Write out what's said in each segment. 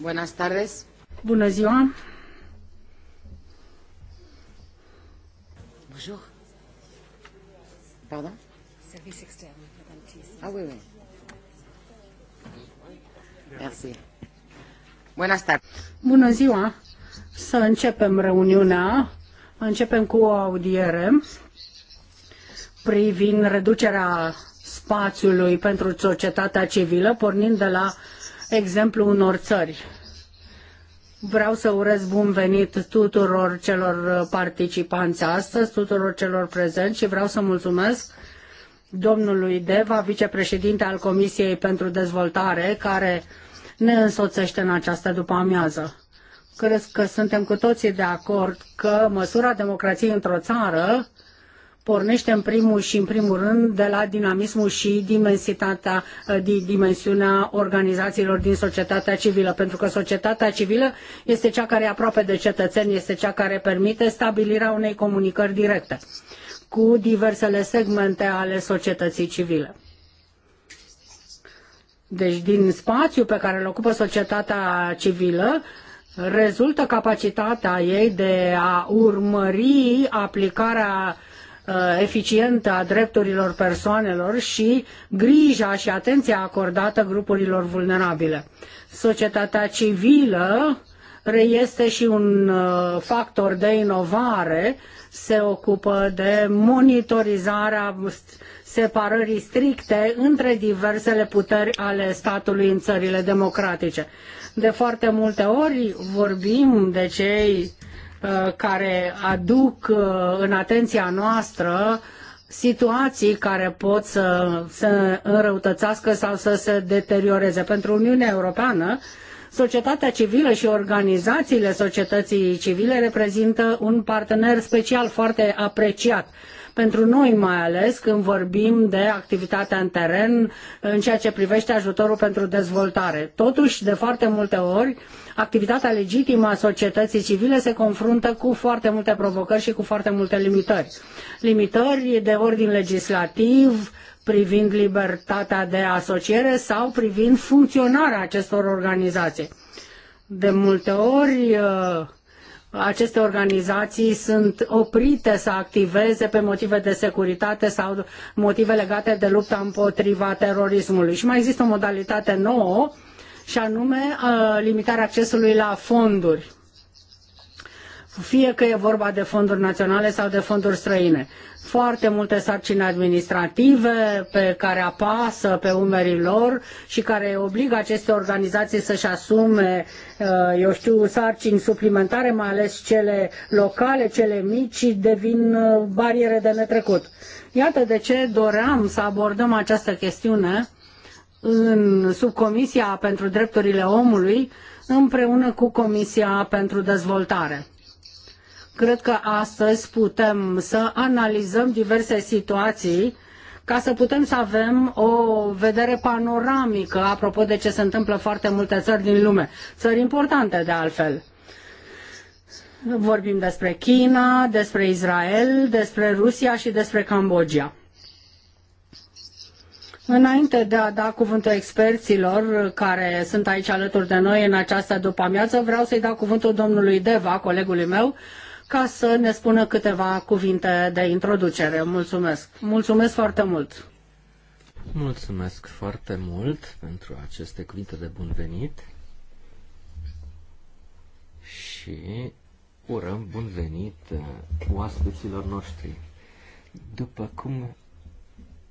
Buenas tardes. Bună ziua. Bonjour. Pardon? Service externe, Ah oui, oui. Merci. Buenas tardes. Bună ziua. Să începem reuniunea. Începem cu o audiere privind reducerea spațiului pentru societatea civilă, pornind de la exemplu unor țări. Vreau să urez bun venit tuturor celor participanți astăzi, tuturor celor prezenți și vreau să mulțumesc domnului Deva, vicepreședinte al Comisiei pentru Dezvoltare, care ne însoțește în această după-amiază. Cred că suntem cu toții de acord că măsura democrației într-o țară pornește în primul și în primul rând de la dinamismul și dimensitatea, ă, dimensiunea organizațiilor din societatea civilă, pentru că societatea civilă este cea care e aproape de cetățeni, este cea care permite stabilirea unei comunicări directe cu diversele segmente ale societății civile. Deci din spațiul pe care îl ocupă societatea civilă rezultă capacitatea ei de a urmări aplicarea Uh, eficientă a drepturilor persoanelor și grija și atenția acordată grupurilor vulnerabile. Societatea civilă reiese și un uh, factor de inovare, se ocupă de monitorizarea separării stricte între diversele puteri ale statului în țările democratice. De foarte multe ori vorbim de cei Uh, care aduc uh, în atenția noastră situații care pot să se înrăutățească sau să se deterioreze. Pentru Uniunea Europeană, societatea civilă și organizațiile societății civile reprezintă un partener special foarte apreciat pentru noi mai ales când vorbim de activitatea în teren în ceea ce privește ajutorul pentru dezvoltare. Totuși, de foarte multe ori, activitatea legitimă a societății civile se confruntă cu foarte multe provocări și cu foarte multe limitări. Limitări de ordin legislativ, privind libertatea de asociere sau privind funcționarea acestor organizații. De multe ori, aceste organizații sunt oprite să activeze pe motive de securitate sau motive legate de lupta împotriva terorismului. Și mai există o modalitate nouă și anume uh, limitarea accesului la fonduri fie că e vorba de fonduri naționale sau de fonduri străine. Foarte multe sarcini administrative pe care apasă pe umerii lor și care obligă aceste organizații să-și asume, uh, eu știu, sarcini suplimentare, mai ales cele locale, cele mici, devin uh, bariere de netrecut. Iată de ce doream să abordăm această chestiune în subcomisia pentru drepturile omului împreună cu Comisia pentru Dezvoltare. Cred că astăzi putem să analizăm diverse situații ca să putem să avem o vedere panoramică apropo de ce se întâmplă foarte multe țări din lume. Țări importante, de altfel. Vorbim despre China, despre Israel, despre Rusia și despre Cambodgia. Înainte de a da cuvântul experților care sunt aici alături de noi în această după-amiază, vreau să-i dau cuvântul domnului Deva, colegului meu, ca să ne spună câteva cuvinte de introducere. Mulțumesc! Mulțumesc foarte mult! Mulțumesc foarte mult pentru aceste cuvinte de bun venit și urăm bun venit uh, oaspeților noștri. După cum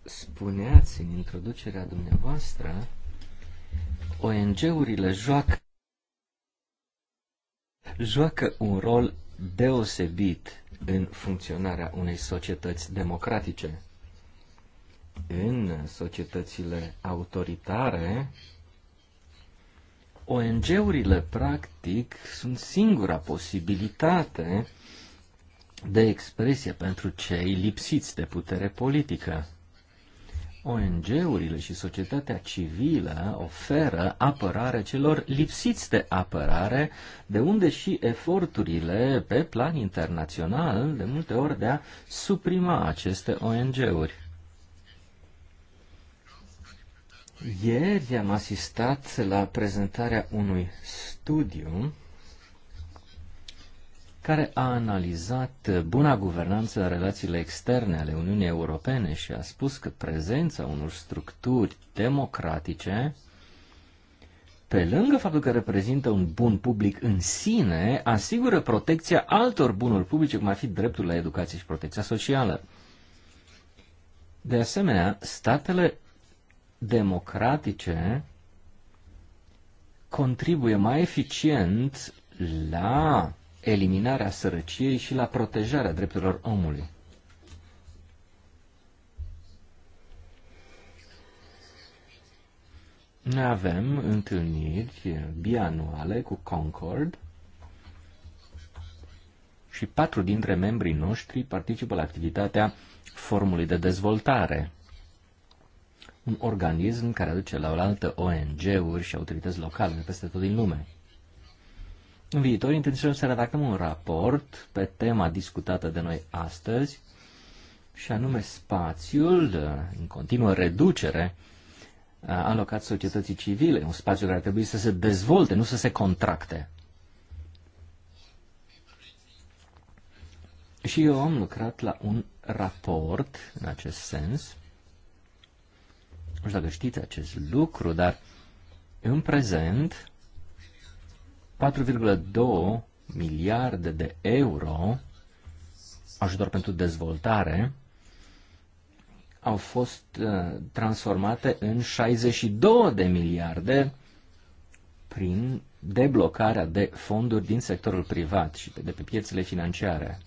spuneați în introducerea dumneavoastră, ONG-urile joacă joacă un rol deosebit în funcționarea unei societăți democratice. În societățile autoritare, ONG-urile, practic, sunt singura posibilitate de expresie pentru cei lipsiți de putere politică. ONG-urile și societatea civilă oferă apărare celor lipsiți de apărare, de unde și eforturile pe plan internațional, de multe ori, de a suprima aceste ONG-uri. Ieri am asistat la prezentarea unui studiu care a analizat buna guvernanță în relațiile externe ale Uniunii Europene și a spus că prezența unor structuri democratice, pe lângă faptul că reprezintă un bun public în sine, asigură protecția altor bunuri publice, cum ar fi dreptul la educație și protecția socială. De asemenea, statele democratice contribuie mai eficient la eliminarea sărăciei și la protejarea drepturilor omului. Ne avem întâlniri bianuale cu Concord și patru dintre membrii noștri participă la activitatea Formului de Dezvoltare, un organism care aduce la oaltă ONG-uri și autorități locale de peste tot din lume. În viitor intenționăm să redactăm un raport pe tema discutată de noi astăzi, și anume spațiul în continuă reducere alocat societății civile, un spațiu care ar trebui să se dezvolte, nu să se contracte. Și eu am lucrat la un raport în acest sens. Nu știu dacă știți acest lucru, dar în prezent 4,2 miliarde de euro ajutor pentru dezvoltare au fost uh, transformate în 62 de miliarde prin deblocarea de fonduri din sectorul privat și de pe piețele financiare.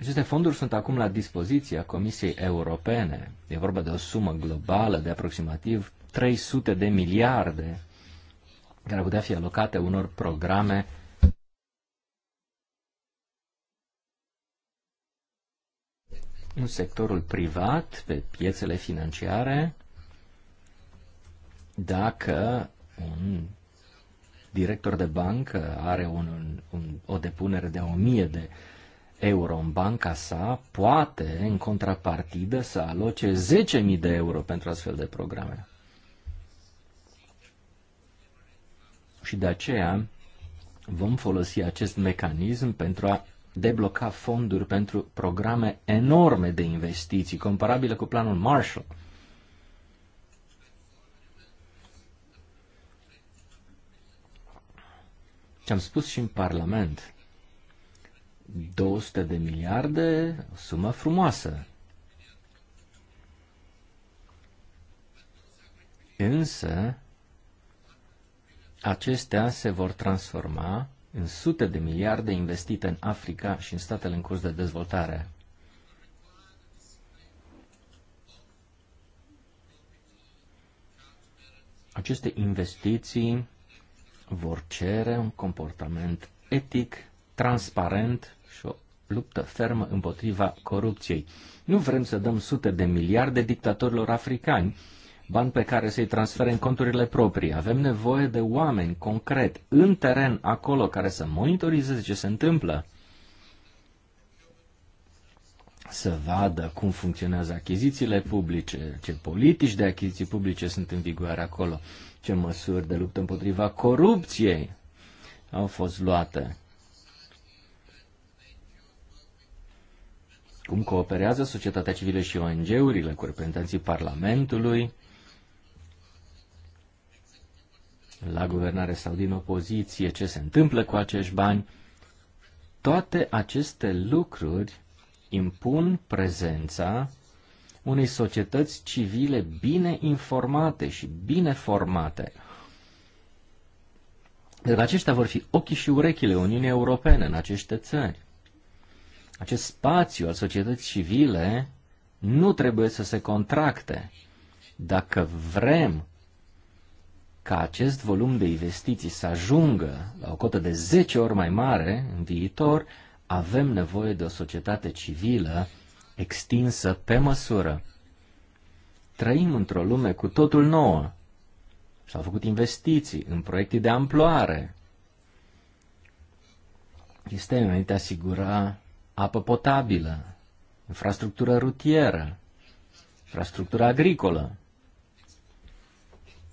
Aceste fonduri sunt acum la dispoziția Comisiei Europene. E vorba de o sumă globală de aproximativ 300 de miliarde care putea fi alocate unor programe în sectorul privat, pe piețele financiare, dacă un director de bancă are un, un, o depunere de 1000 de euro în banca sa, poate, în contrapartidă, să aloce 10.000 de euro pentru astfel de programe. și de aceea vom folosi acest mecanism pentru a debloca fonduri pentru programe enorme de investiții, comparabile cu planul Marshall. Ce am spus și în Parlament, 200 de miliarde, o sumă frumoasă. Însă, Acestea se vor transforma în sute de miliarde investite în Africa și în statele în curs de dezvoltare. Aceste investiții vor cere un comportament etic, transparent și o luptă fermă împotriva corupției. Nu vrem să dăm sute de miliarde dictatorilor africani, bani pe care să-i transfere în conturile proprii. Avem nevoie de oameni concret, în teren, acolo, care să monitorizeze ce se întâmplă, să vadă cum funcționează achizițiile publice, ce politici de achiziții publice sunt în vigoare acolo, ce măsuri de luptă împotriva corupției au fost luate. cum cooperează societatea civilă și ONG-urile cu reprezentanții Parlamentului, la guvernare sau din opoziție, ce se întâmplă cu acești bani. Toate aceste lucruri impun prezența unei societăți civile bine informate și bine formate. Dar aceștia vor fi ochii și urechile Uniunii Europene în aceste țări. Acest spațiu al societății civile nu trebuie să se contracte. Dacă vrem ca acest volum de investiții să ajungă la o cotă de 10 ori mai mare în viitor, avem nevoie de o societate civilă extinsă pe măsură. Trăim într-o lume cu totul nouă. S-au făcut investiții în proiecte de amploare. Este înainte asigura apă potabilă, infrastructură rutieră, infrastructură agricolă,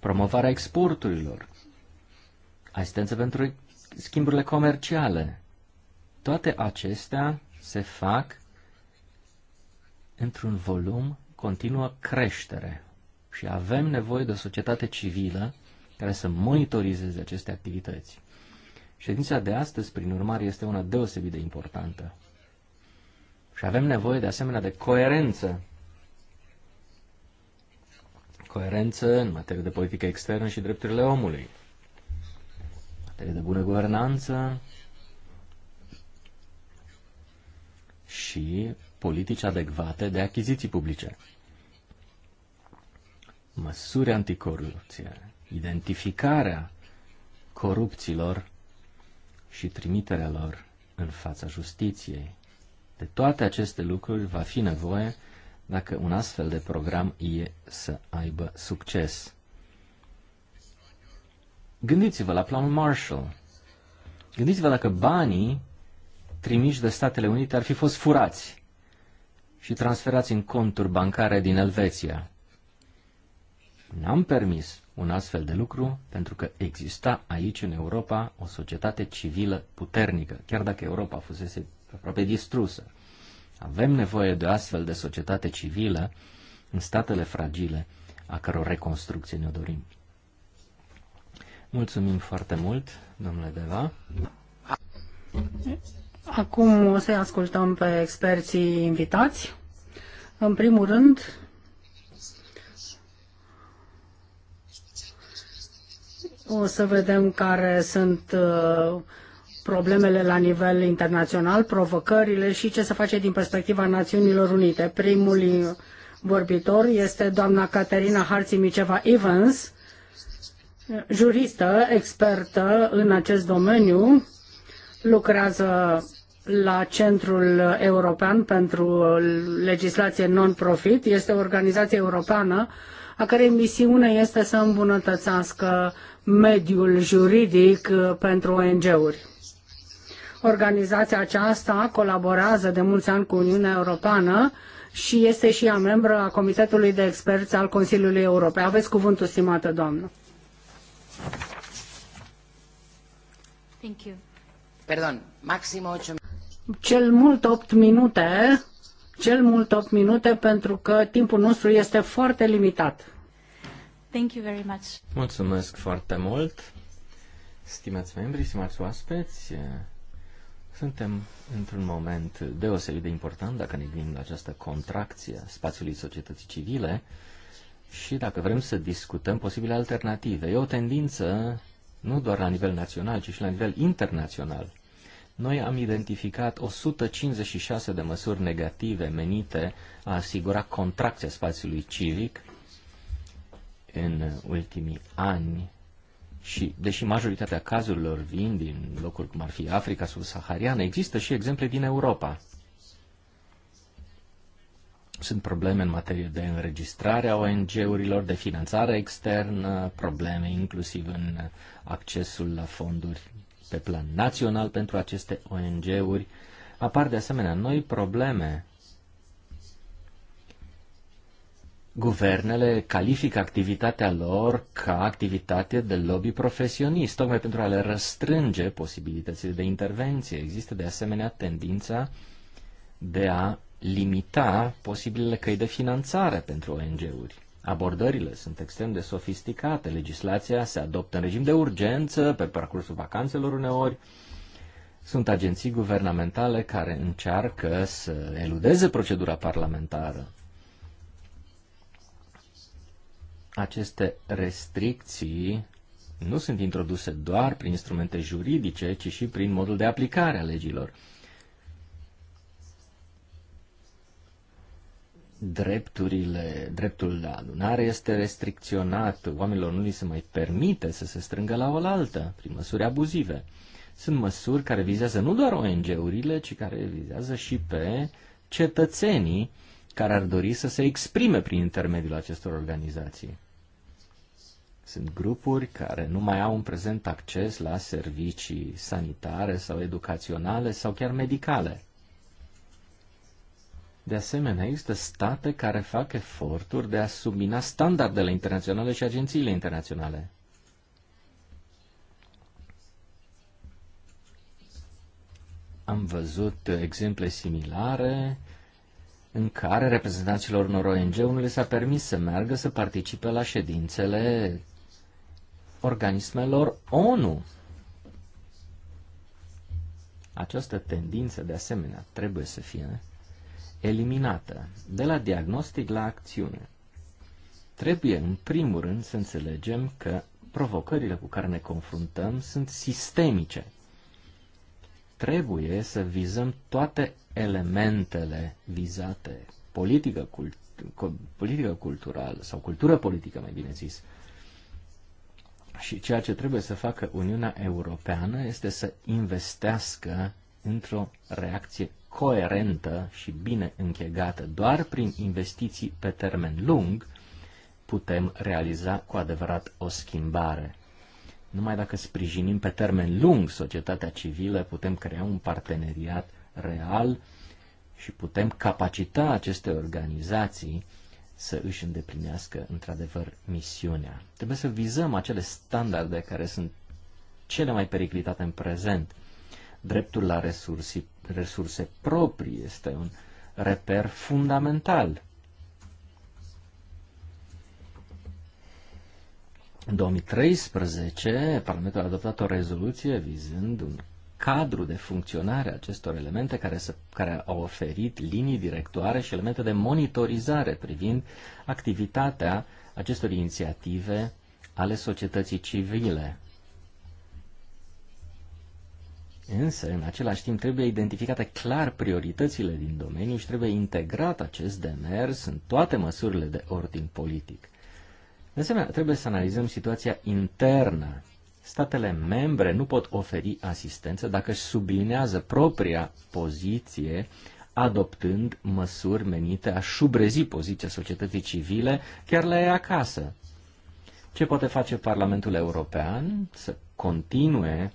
promovarea exporturilor, asistență pentru schimburile comerciale. Toate acestea se fac într-un volum continuă creștere și avem nevoie de o societate civilă care să monitorizeze aceste activități. Ședința de astăzi, prin urmare, este una deosebit de importantă. Și avem nevoie de asemenea de coerență coerență în materie de politică externă și drepturile omului, în materie de bună guvernanță și politici adecvate de achiziții publice. Măsuri anticorupție, identificarea corupților și trimiterea lor în fața justiției. De toate aceste lucruri va fi nevoie dacă un astfel de program e să aibă succes. Gândiți-vă la planul Marshall. Gândiți-vă dacă banii trimiși de Statele Unite ar fi fost furați și transferați în conturi bancare din Elveția. N-am permis un astfel de lucru pentru că exista aici în Europa o societate civilă puternică, chiar dacă Europa fusese aproape distrusă. Avem nevoie de o astfel de societate civilă în statele fragile a căror reconstrucție ne dorim. Mulțumim foarte mult, domnule Deva. Acum o să ascultăm pe experții invitați. În primul rând, o să vedem care sunt uh, problemele la nivel internațional, provocările și ce se face din perspectiva Națiunilor Unite. Primul vorbitor este doamna Caterina Harțimiceva Evans, juristă, expertă în acest domeniu, lucrează la Centrul European pentru Legislație Non-Profit. Este o organizație europeană a cărei misiune este să îmbunătățească mediul juridic pentru ONG-uri. Organizația aceasta colaborează de mulți ani cu Uniunea Europeană și este și ea membră a Comitetului de Experți al Consiliului Europei. Aveți cuvântul, stimată doamnă. Thank you. Pardon, maxim 8 Cel mult 8 minute, cel mult 8 minute pentru că timpul nostru este foarte limitat. Thank you very much. Mulțumesc foarte mult. Stimați membri, stimați oaspeți, suntem într-un moment deosebit de important dacă ne gândim la această contracție a spațiului societății civile și dacă vrem să discutăm posibile alternative. E o tendință nu doar la nivel național, ci și la nivel internațional. Noi am identificat 156 de măsuri negative menite a asigura contracția spațiului civic în ultimii ani și, deși majoritatea cazurilor vin din locuri cum ar fi Africa subsahariană, există și exemple din Europa. Sunt probleme în materie de înregistrare a ONG-urilor, de finanțare externă, probleme inclusiv în accesul la fonduri pe plan național pentru aceste ONG-uri. Apar de asemenea noi probleme guvernele califică activitatea lor ca activitate de lobby profesionist, tocmai pentru a le răstrânge posibilitățile de intervenție. Există de asemenea tendința de a limita posibilele căi de finanțare pentru ONG-uri. Abordările sunt extrem de sofisticate, legislația se adoptă în regim de urgență, pe parcursul vacanțelor uneori, sunt agenții guvernamentale care încearcă să eludeze procedura parlamentară. aceste restricții nu sunt introduse doar prin instrumente juridice, ci și prin modul de aplicare a legilor. Drepturile, dreptul la adunare este restricționat, oamenilor nu li se mai permite să se strângă la oaltă prin măsuri abuzive. Sunt măsuri care vizează nu doar ONG-urile, ci care vizează și pe cetățenii care ar dori să se exprime prin intermediul acestor organizații. Sunt grupuri care nu mai au în prezent acces la servicii sanitare sau educaționale sau chiar medicale. De asemenea, există state care fac eforturi de a submina standardele internaționale și agențiile internaționale. Am văzut exemple similare în care reprezentanților unor ONG-uri le s-a permis să meargă să participe la ședințele organismelor ONU. Această tendință, de asemenea, trebuie să fie eliminată de la diagnostic la acțiune. Trebuie, în primul rând, să înțelegem că provocările cu care ne confruntăm sunt sistemice. Trebuie să vizăm toate elementele vizate, politică, cult- politică culturală sau cultură politică, mai bine zis, și ceea ce trebuie să facă Uniunea Europeană este să investească într-o reacție coerentă și bine închegată. Doar prin investiții pe termen lung putem realiza cu adevărat o schimbare. Numai dacă sprijinim pe termen lung societatea civilă, putem crea un parteneriat real și putem capacita aceste organizații să își îndeplinească într-adevăr misiunea. Trebuie să vizăm acele standarde care sunt cele mai periclitate în prezent. Dreptul la resurse, resurse proprii este un reper fundamental. În 2013, Parlamentul a adoptat o rezoluție vizând un cadru de funcționare a acestor elemente care, se, care au oferit linii directoare și elemente de monitorizare privind activitatea acestor inițiative ale societății civile. Însă, în același timp, trebuie identificate clar prioritățile din domeniu și trebuie integrat acest demers în toate măsurile de ordin politic. De asemenea, trebuie să analizăm situația internă statele membre nu pot oferi asistență dacă își sublinează propria poziție adoptând măsuri menite a șubrezi poziția societății civile chiar la ei acasă. Ce poate face Parlamentul European? Să continue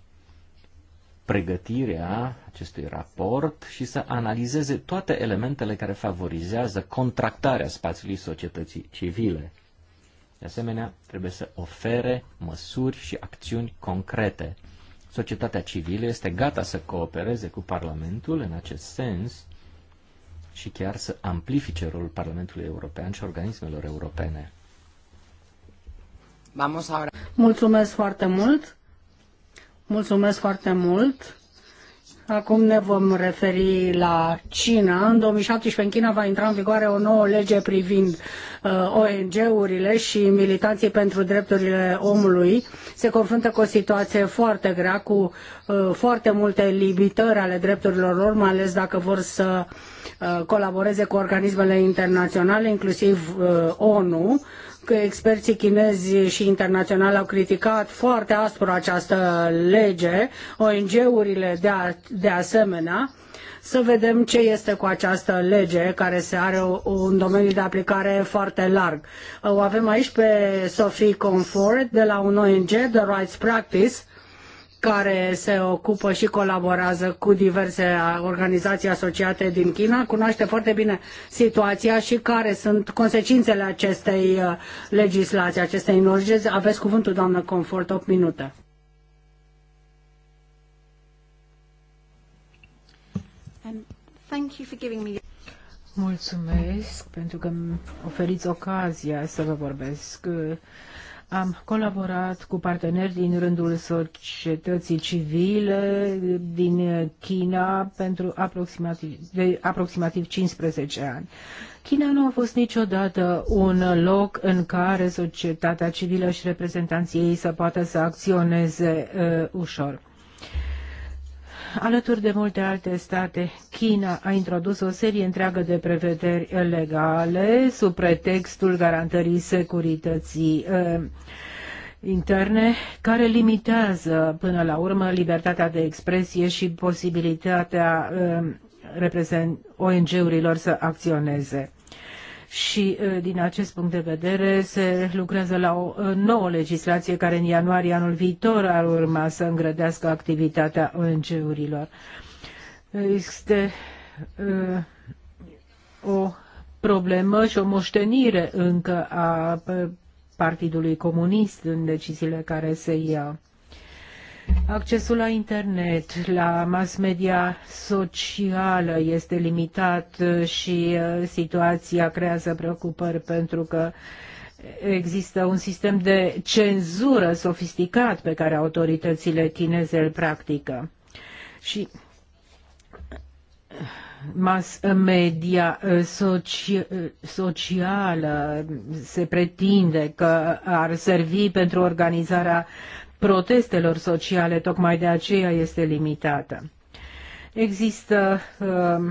pregătirea acestui raport și să analizeze toate elementele care favorizează contractarea spațiului societății civile. De asemenea, trebuie să ofere măsuri și acțiuni concrete. Societatea civilă este gata să coopereze cu Parlamentul în acest sens și chiar să amplifice rolul Parlamentului European și organismelor europene. Vamos ahora. Mulțumesc foarte mult! Mulțumesc foarte mult! Acum ne vom referi la China. În 2017 în China va intra în vigoare o nouă lege privind uh, ONG-urile și militanții pentru drepturile omului. Se confruntă cu o situație foarte grea, cu uh, foarte multe limitări ale drepturilor lor, mai ales dacă vor să uh, colaboreze cu organismele internaționale, inclusiv uh, ONU că experții chinezi și internaționali au criticat foarte aspru această lege, ONG-urile de, a, de asemenea, să vedem ce este cu această lege care se are un domeniu de aplicare foarte larg. O avem aici pe Sophie Comfort de la un ONG, The Rights Practice, care se ocupă și colaborează cu diverse organizații asociate din China, cunoaște foarte bine situația și care sunt consecințele acestei uh, legislații, acestei norgezi. Aveți cuvântul, doamnă Confort, 8 minute. Mulțumesc pentru că oferiți ocazia să vă vorbesc. Uh, am colaborat cu parteneri din rândul societății civile din China pentru aproximativ, de aproximativ 15 ani. China nu a fost niciodată un loc în care societatea civilă și reprezentanții ei să poată să acționeze uh, ușor alături de multe alte state, China a introdus o serie întreagă de prevederi legale sub pretextul garantării securității uh, interne care limitează până la urmă libertatea de expresie și posibilitatea uh, ONG-urilor să acționeze și din acest punct de vedere se lucrează la o nouă legislație care în ianuarie anul viitor ar urma să îngrădească activitatea ONG-urilor. Este o problemă și o moștenire încă a Partidului Comunist în deciziile care se iau. Accesul la internet, la mass media socială este limitat uh, și uh, situația creează preocupări pentru că există un sistem de cenzură sofisticat pe care autoritățile chineze îl practică. Și uh, mass media soci, socială se pretinde că ar servi pentru organizarea protestelor sociale, tocmai de aceea este limitată. Există uh,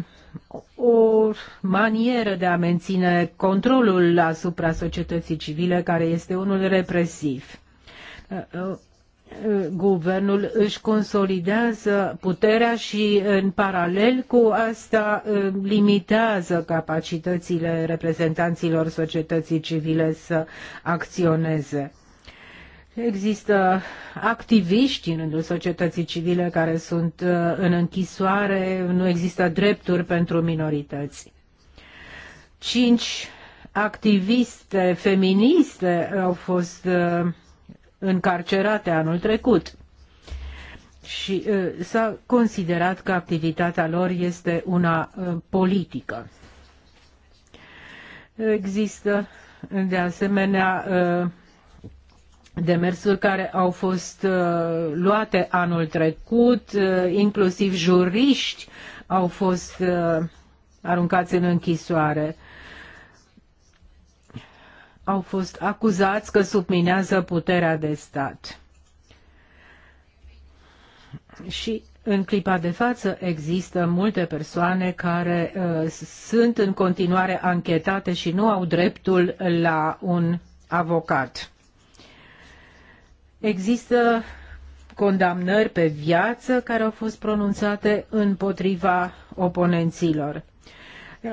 o manieră de a menține controlul asupra societății civile, care este unul represiv. Uh, uh guvernul își consolidează puterea și în paralel cu asta uh, limitează capacitățile reprezentanților societății civile să acționeze. Există activiști în rândul societății civile care sunt uh, în închisoare, nu există drepturi pentru minorități. Cinci activiste feministe au fost uh, încarcerate anul trecut și uh, s-a considerat că activitatea lor este una politică. Există de asemenea demersuri care au fost uh, luate anul trecut, uh, inclusiv juriști au fost uh, aruncați în închisoare. Au fost acuzați că subminează puterea de stat. Și în clipa de față există multe persoane care uh, sunt în continuare anchetate și nu au dreptul la un avocat. Există condamnări pe viață care au fost pronunțate împotriva oponenților.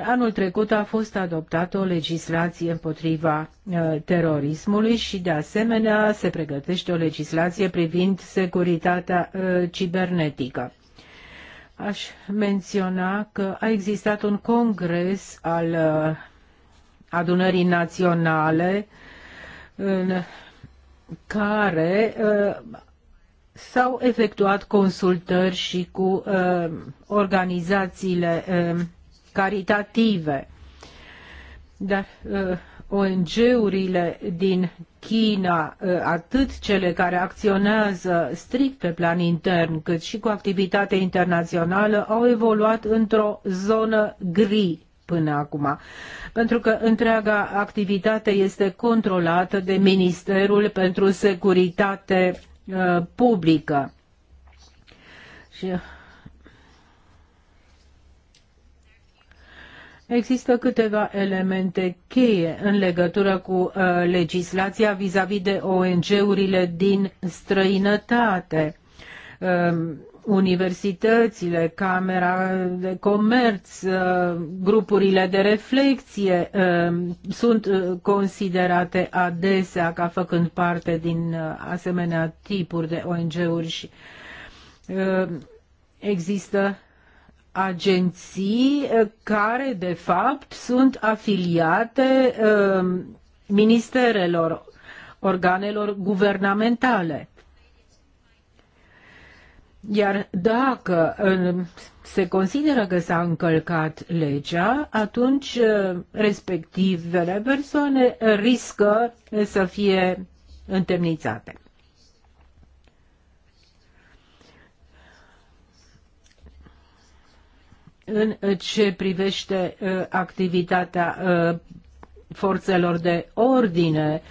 Anul trecut a fost adoptată o legislație împotriva uh, terorismului și, de asemenea, se pregătește o legislație privind securitatea uh, cibernetică. Aș menționa că a existat un congres al uh, adunării naționale în care uh, s-au efectuat consultări și cu uh, organizațiile uh, caritative. Dar uh, ONG-urile din China, uh, atât cele care acționează strict pe plan intern, cât și cu activitate internațională, au evoluat într-o zonă gri până acum, pentru că întreaga activitate este controlată de Ministerul pentru Securitate uh, Publică. Și uh, Există câteva elemente cheie în legătură cu uh, legislația vis-a-vis -vis de ONG-urile din străinătate. Uh, universitățile, Camera de Comerț, uh, grupurile de reflexie uh, sunt uh, considerate adesea ca făcând parte din asemenea tipuri de ONG-uri și există agenții care, de fapt, sunt afiliate ministerelor, organelor guvernamentale. Iar dacă se consideră că s-a încălcat legea, atunci uh, respectivele persoane riscă uh, să fie întemnițate. În ce privește uh, activitatea forțelor de ordine,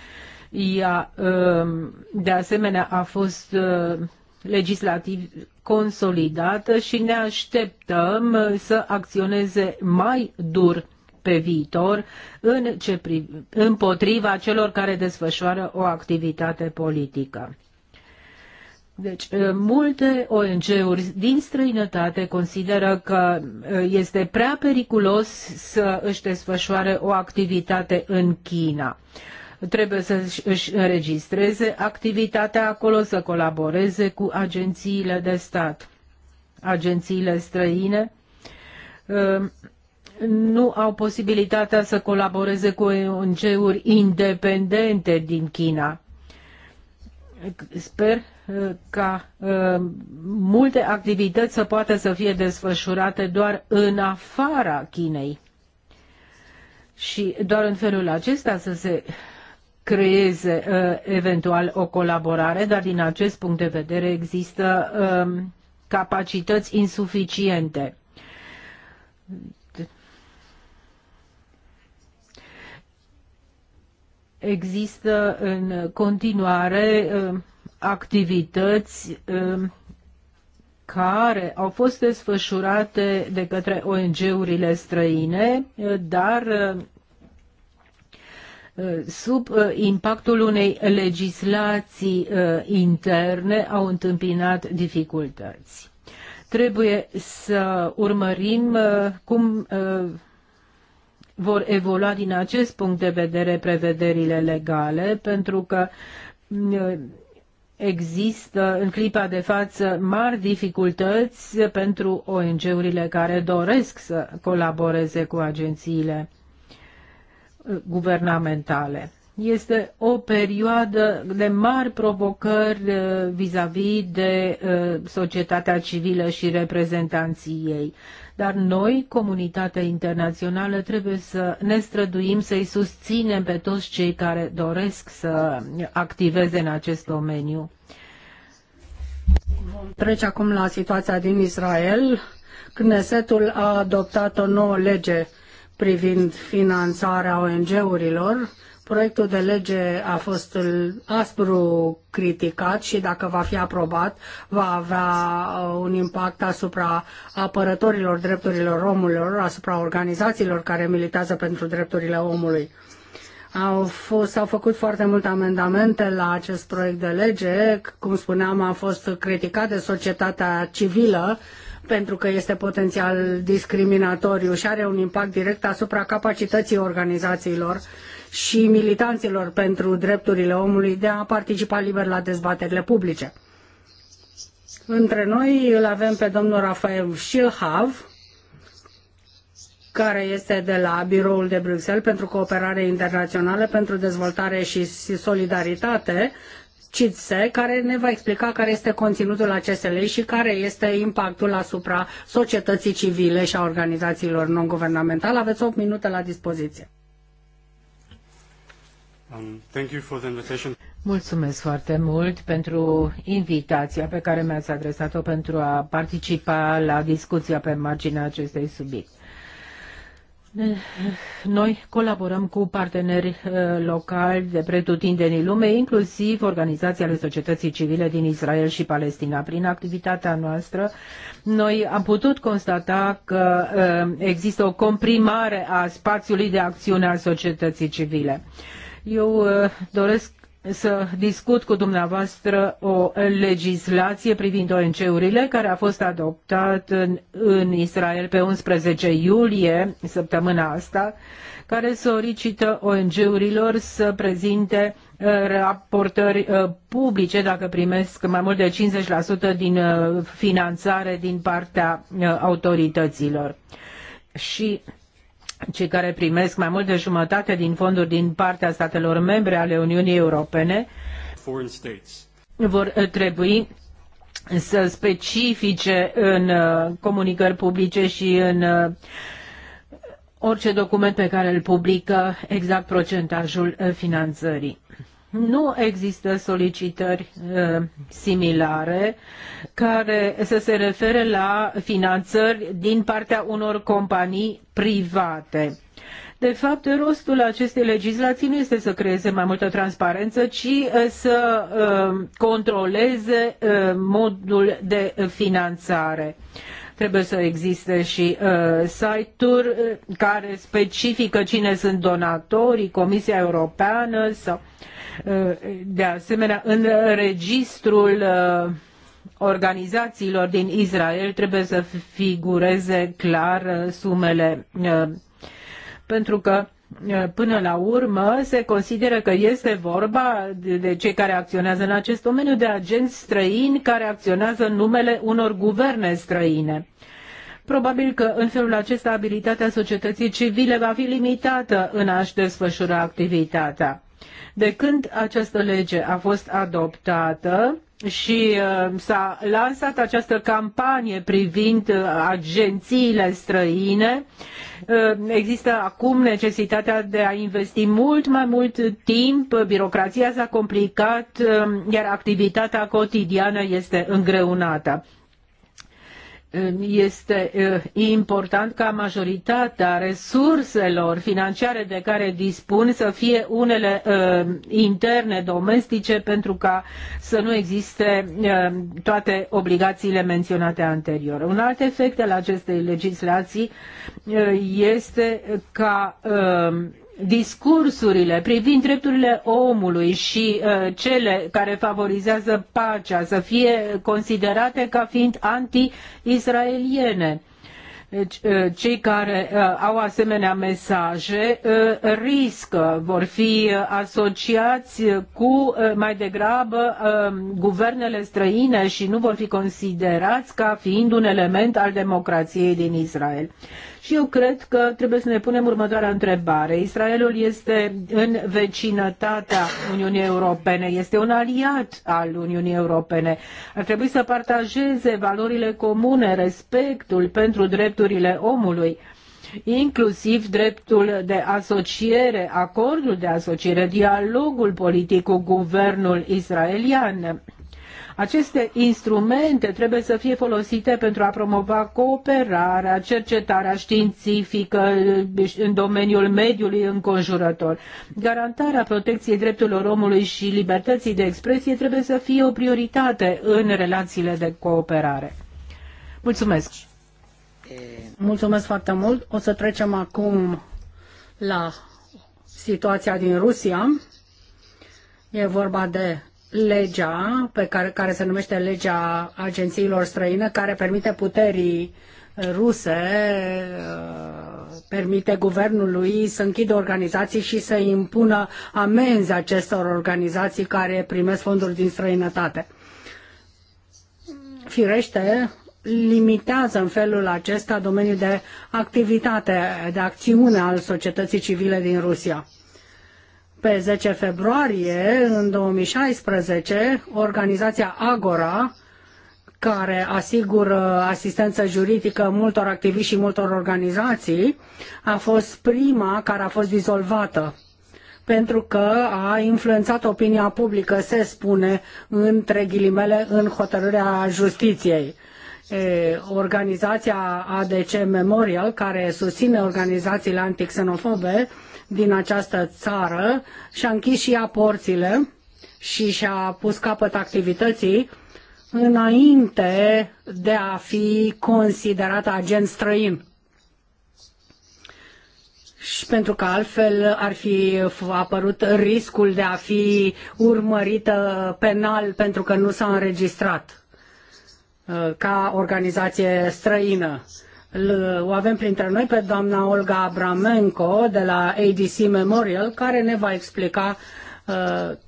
ea de asemenea a fost legislativ consolidată și ne așteptăm să acționeze mai dur pe viitor în ce împotriva celor care desfășoară o activitate politică. Deci, eh, multe ONG-uri din străinătate consideră că eh, este prea periculos să își desfășoare o activitate în China trebuie să își înregistreze activitatea acolo, să colaboreze cu agențiile de stat. Agențiile străine um, nu au posibilitatea să colaboreze cu ONG-uri independente din China. Sper uh, ca uh, multe activități să poată să fie desfășurate doar în afara Chinei și doar în felul acesta să se creeze uh, eventual o colaborare, dar din acest punct de vedere există um, capacități insuficiente. Există în continuare um, activități um, care au fost desfășurate de către ONG-urile străine, uh, dar sub uh, impactul unei legislații uh, interne au întâmpinat dificultăți. Trebuie să urmărim uh, cum vor evolua din acest punct de vedere prevederile legale, pentru că există în clipa de față mari dificultăți pentru ONG-urile care doresc să colaboreze cu agențiile guvernamentale. Este o perioadă de mari provocări uh, vis-a-vis -vis de uh, societatea civilă și reprezentanții ei. Dar noi, comunitatea internațională, trebuie să ne străduim să-i susținem pe toți cei care doresc să activeze în acest domeniu. Vom trece acum la situația din Israel. Nesetul a adoptat o nouă lege privind finanțarea ONG-urilor. Proiectul de lege a fost aspru criticat și dacă va fi aprobat, va avea uh, un impact asupra apărătorilor drepturilor omului, asupra organizațiilor care militează pentru drepturile omului. Au fost, s-au făcut foarte multe amendamente la acest proiect de lege. Cum spuneam, a fost criticat de societatea civilă pentru că este potențial discriminatoriu și are un impact direct asupra capacității organizațiilor și militanților pentru drepturile omului de a participa liber la dezbaterile publice. Între noi îl avem pe domnul Rafael Schilhav, care este de la Biroul de Bruxelles pentru Cooperare Internațională pentru Dezvoltare și Solidaritate, CITSE, care ne va explica care este conținutul acestei acestelei și care este impactul asupra societății civile și a organizațiilor non-guvernamentale. Aveți 8 minute la dispoziție. Um, thank you for the invitation. Mulțumesc foarte mult pentru invitația pe care mi-ați adresat-o pentru a participa la discuția pe marginea acestui subiect. Noi colaborăm cu parteneri uh, locali de pretutindenii lume, inclusiv organizații ale societății civile din Israel și Palestina. Prin activitatea noastră, noi am putut constata că uh, există o comprimare a spațiului de acțiune al societății civile. Eu uh, doresc să discut cu dumneavoastră o legislație privind ONG-urile care a fost adoptată în, în Israel pe 11 iulie, săptămâna asta, care solicită ONG-urilor să prezinte uh, raportări uh, publice dacă primesc mai mult de 50% din uh, finanțare din partea autorităților. Și cei care primesc mai mult de jumătate din fonduri din partea statelor membre ale Uniunii Europene vor uh, trebui să specifice în uh, comunicări publice și în uh, orice document pe care îl publică exact procentajul finanțării nu există solicitări uh, similare care să se refere la finanțări din partea unor companii private. De fapt, rostul acestei legislații nu este să creeze mai multă transparență, ci uh, să uh, controleze uh, modul de finanțare trebuie să existe și uh, site-uri uh, care specifică cine sunt donatorii, Comisia Europeană sau uh, de asemenea, în registrul uh, organizațiilor din Israel trebuie să figureze clar uh, sumele, uh, pentru că până la urmă se consideră că este vorba de cei care acționează în acest domeniu, de agenți străini care acționează în numele unor guverne străine. Probabil că în felul acesta abilitatea societății civile va fi limitată în a-și desfășura activitatea. De când această lege a fost adoptată, și uh, s-a lansat această campanie privind uh, agențiile străine. Uh, există acum necesitatea de a investi mult mai mult timp, birocrația s-a complicat, iar activitatea cotidiană este îngreunată este important ca majoritatea resurselor financiare de care dispun să fie unele interne, domestice, pentru ca să nu existe toate obligațiile menționate anterior. Un alt efect al acestei legislații este ca discursurile privind drepturile omului și uh, cele care favorizează pacea să fie considerate ca fiind anti-israeliene. Deci, uh, cei care uh, au asemenea mesaje uh, riscă, vor fi uh, asociați cu mai degrabă guvernele străine și nu vor fi considerați ca fiind un element al democrației din Israel. Și eu cred că trebuie să ne punem următoarea întrebare. Israelul este în vecinătatea Uniunii Europene, este un aliat al Uniunii Europene. Ar trebui să partajeze valorile comune, respectul pentru drepturile omului inclusiv dreptul de asociere, acordul de asociere, dialogul politic cu guvernul israelian. Aceste instrumente trebuie să fie folosite pentru a promova cooperarea, cercetarea științifică deci, în domeniul mediului înconjurător. Garantarea protecției drepturilor omului și libertății de expresie trebuie să fie o prioritate în relațiile de cooperare. Mulțumesc! Mulțumesc foarte mult. O să trecem acum la situația din Rusia. E vorba de legea pe care, care se numește legea agențiilor străine, care permite puterii ruse, permite guvernului să închidă organizații și să impună amenzi acestor organizații care primesc fonduri din străinătate. Firește, limitează în felul acesta domeniul de activitate, de acțiune al societății civile din Rusia. Pe 10 februarie în 2016, organizația Agora, care asigură asistență juridică multor activiști și multor organizații, a fost prima care a fost dizolvată pentru că a influențat opinia publică, se spune, între ghilimele, în hotărârea justiției. E, organizația ADC Memorial, care susține organizațiile antixenofobe, din această țară și-a închis și ea porțile și și-a pus capăt activității înainte de a fi considerat agent străin. Și pentru că altfel ar fi apărut riscul de a fi urmărită penal pentru că nu s-a înregistrat uh, ca organizație străină o avem printre noi pe doamna Olga Abramenko de la ADC Memorial, care ne va explica uh,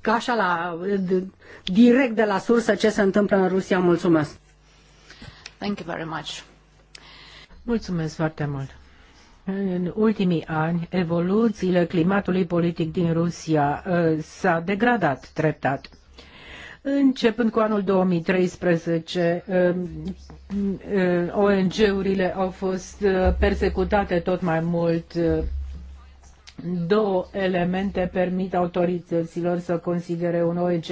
ca așa la, direct de la sursă ce se întâmplă în Rusia. Mulțumesc! Thank you very much. Mulțumesc foarte mult! În ultimii ani, evoluțiile climatului politic din Rusia uh, s-a degradat treptat Începând cu anul 2013, um, um, ONG-urile au fost uh, persecutate tot mai mult. Două elemente permit autorităților să considere un ONG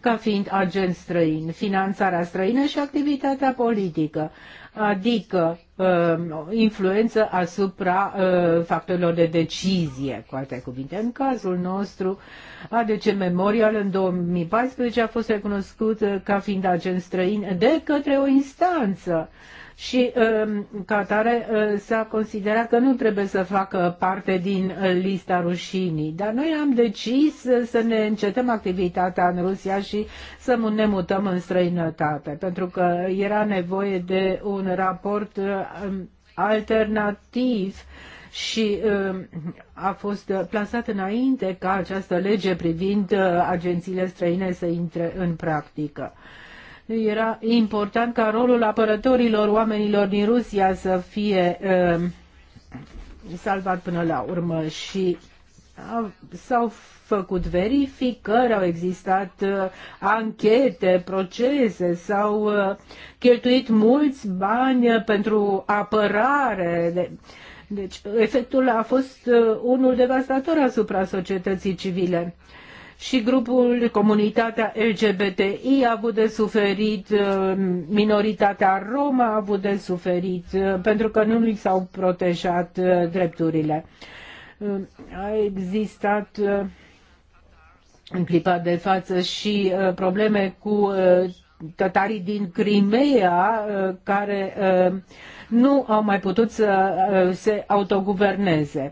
ca fiind agent străin, finanțarea străină și activitatea politică, adică Um, influență asupra uh, factorilor de decizie. Cu alte cuvinte, în cazul nostru, ADC Memorial în 2014 a fost recunoscut uh, ca fiind agent străin de către o instanță și um, ca tare uh, s-a considerat că nu trebuie să facă parte din uh, lista rușinii. Dar noi am decis uh, să ne încetăm activitatea în Rusia și să ne mutăm în străinătate, pentru că era nevoie de un raport um, alternativ și um, a fost plasat înainte ca această lege privind agențiile străine să intre în practică. Era important ca rolul apărătorilor oamenilor din Rusia să fie uh, salvat până la urmă și s-au făcut verificări, au existat uh, anchete, procese, s-au uh, cheltuit mulți bani uh, pentru apărare. De, deci efectul a fost uh, unul devastator asupra societății civile. Uh, și grupul, comunitatea LGBTI a avut de suferit, uh, minoritatea romă a avut de suferit, uh, pentru că nu li s-au protejat uh, drepturile. A existat în clipa de față și probleme cu tătarii din Crimea care nu au mai putut să se autoguverneze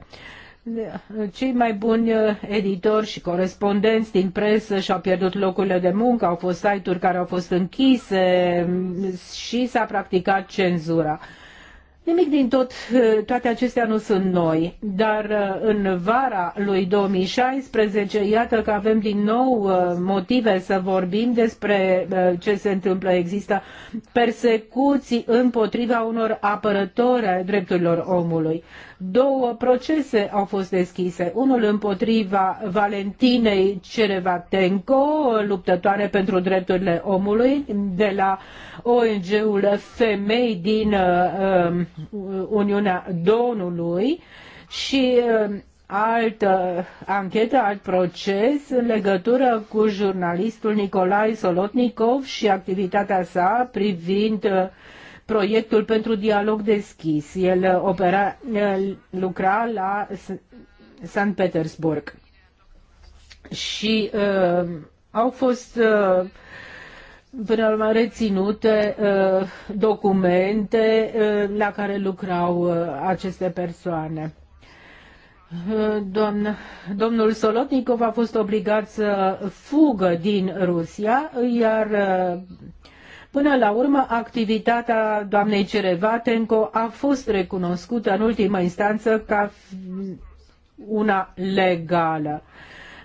cei mai buni uh, editori și corespondenți din presă și-au pierdut locurile de muncă, au fost site-uri care au fost închise mm, și s-a practicat cenzura. Nimic din tot, uh, toate acestea nu sunt noi, dar uh, în vara lui 2016, iată că avem din nou motive să vorbim despre ce se întâmplă. Există persecuții împotriva unor apărători ai drepturilor omului două procese au fost deschise. Unul împotriva Valentinei Cerevatenko, luptătoare pentru drepturile omului, de la ONG-ul Femei din uh, um, Uniunea Donului și um, uh, altă anchetă, alt proces în legătură cu jurnalistul Nicolae Solotnikov și activitatea sa privind uh, proiectul pentru dialog deschis. El uh, opera, lucra la San Petersburg și uh, au fost uh, până la urmă reținute uh, documente uh, la care lucrau uh, aceste persoane. Uh, doamnă, domnul Solotnikov a fost obligat să fugă din Rusia, iar uh, Până la urmă, activitatea doamnei Cerevatenco a fost recunoscută în ultima instanță ca una legală.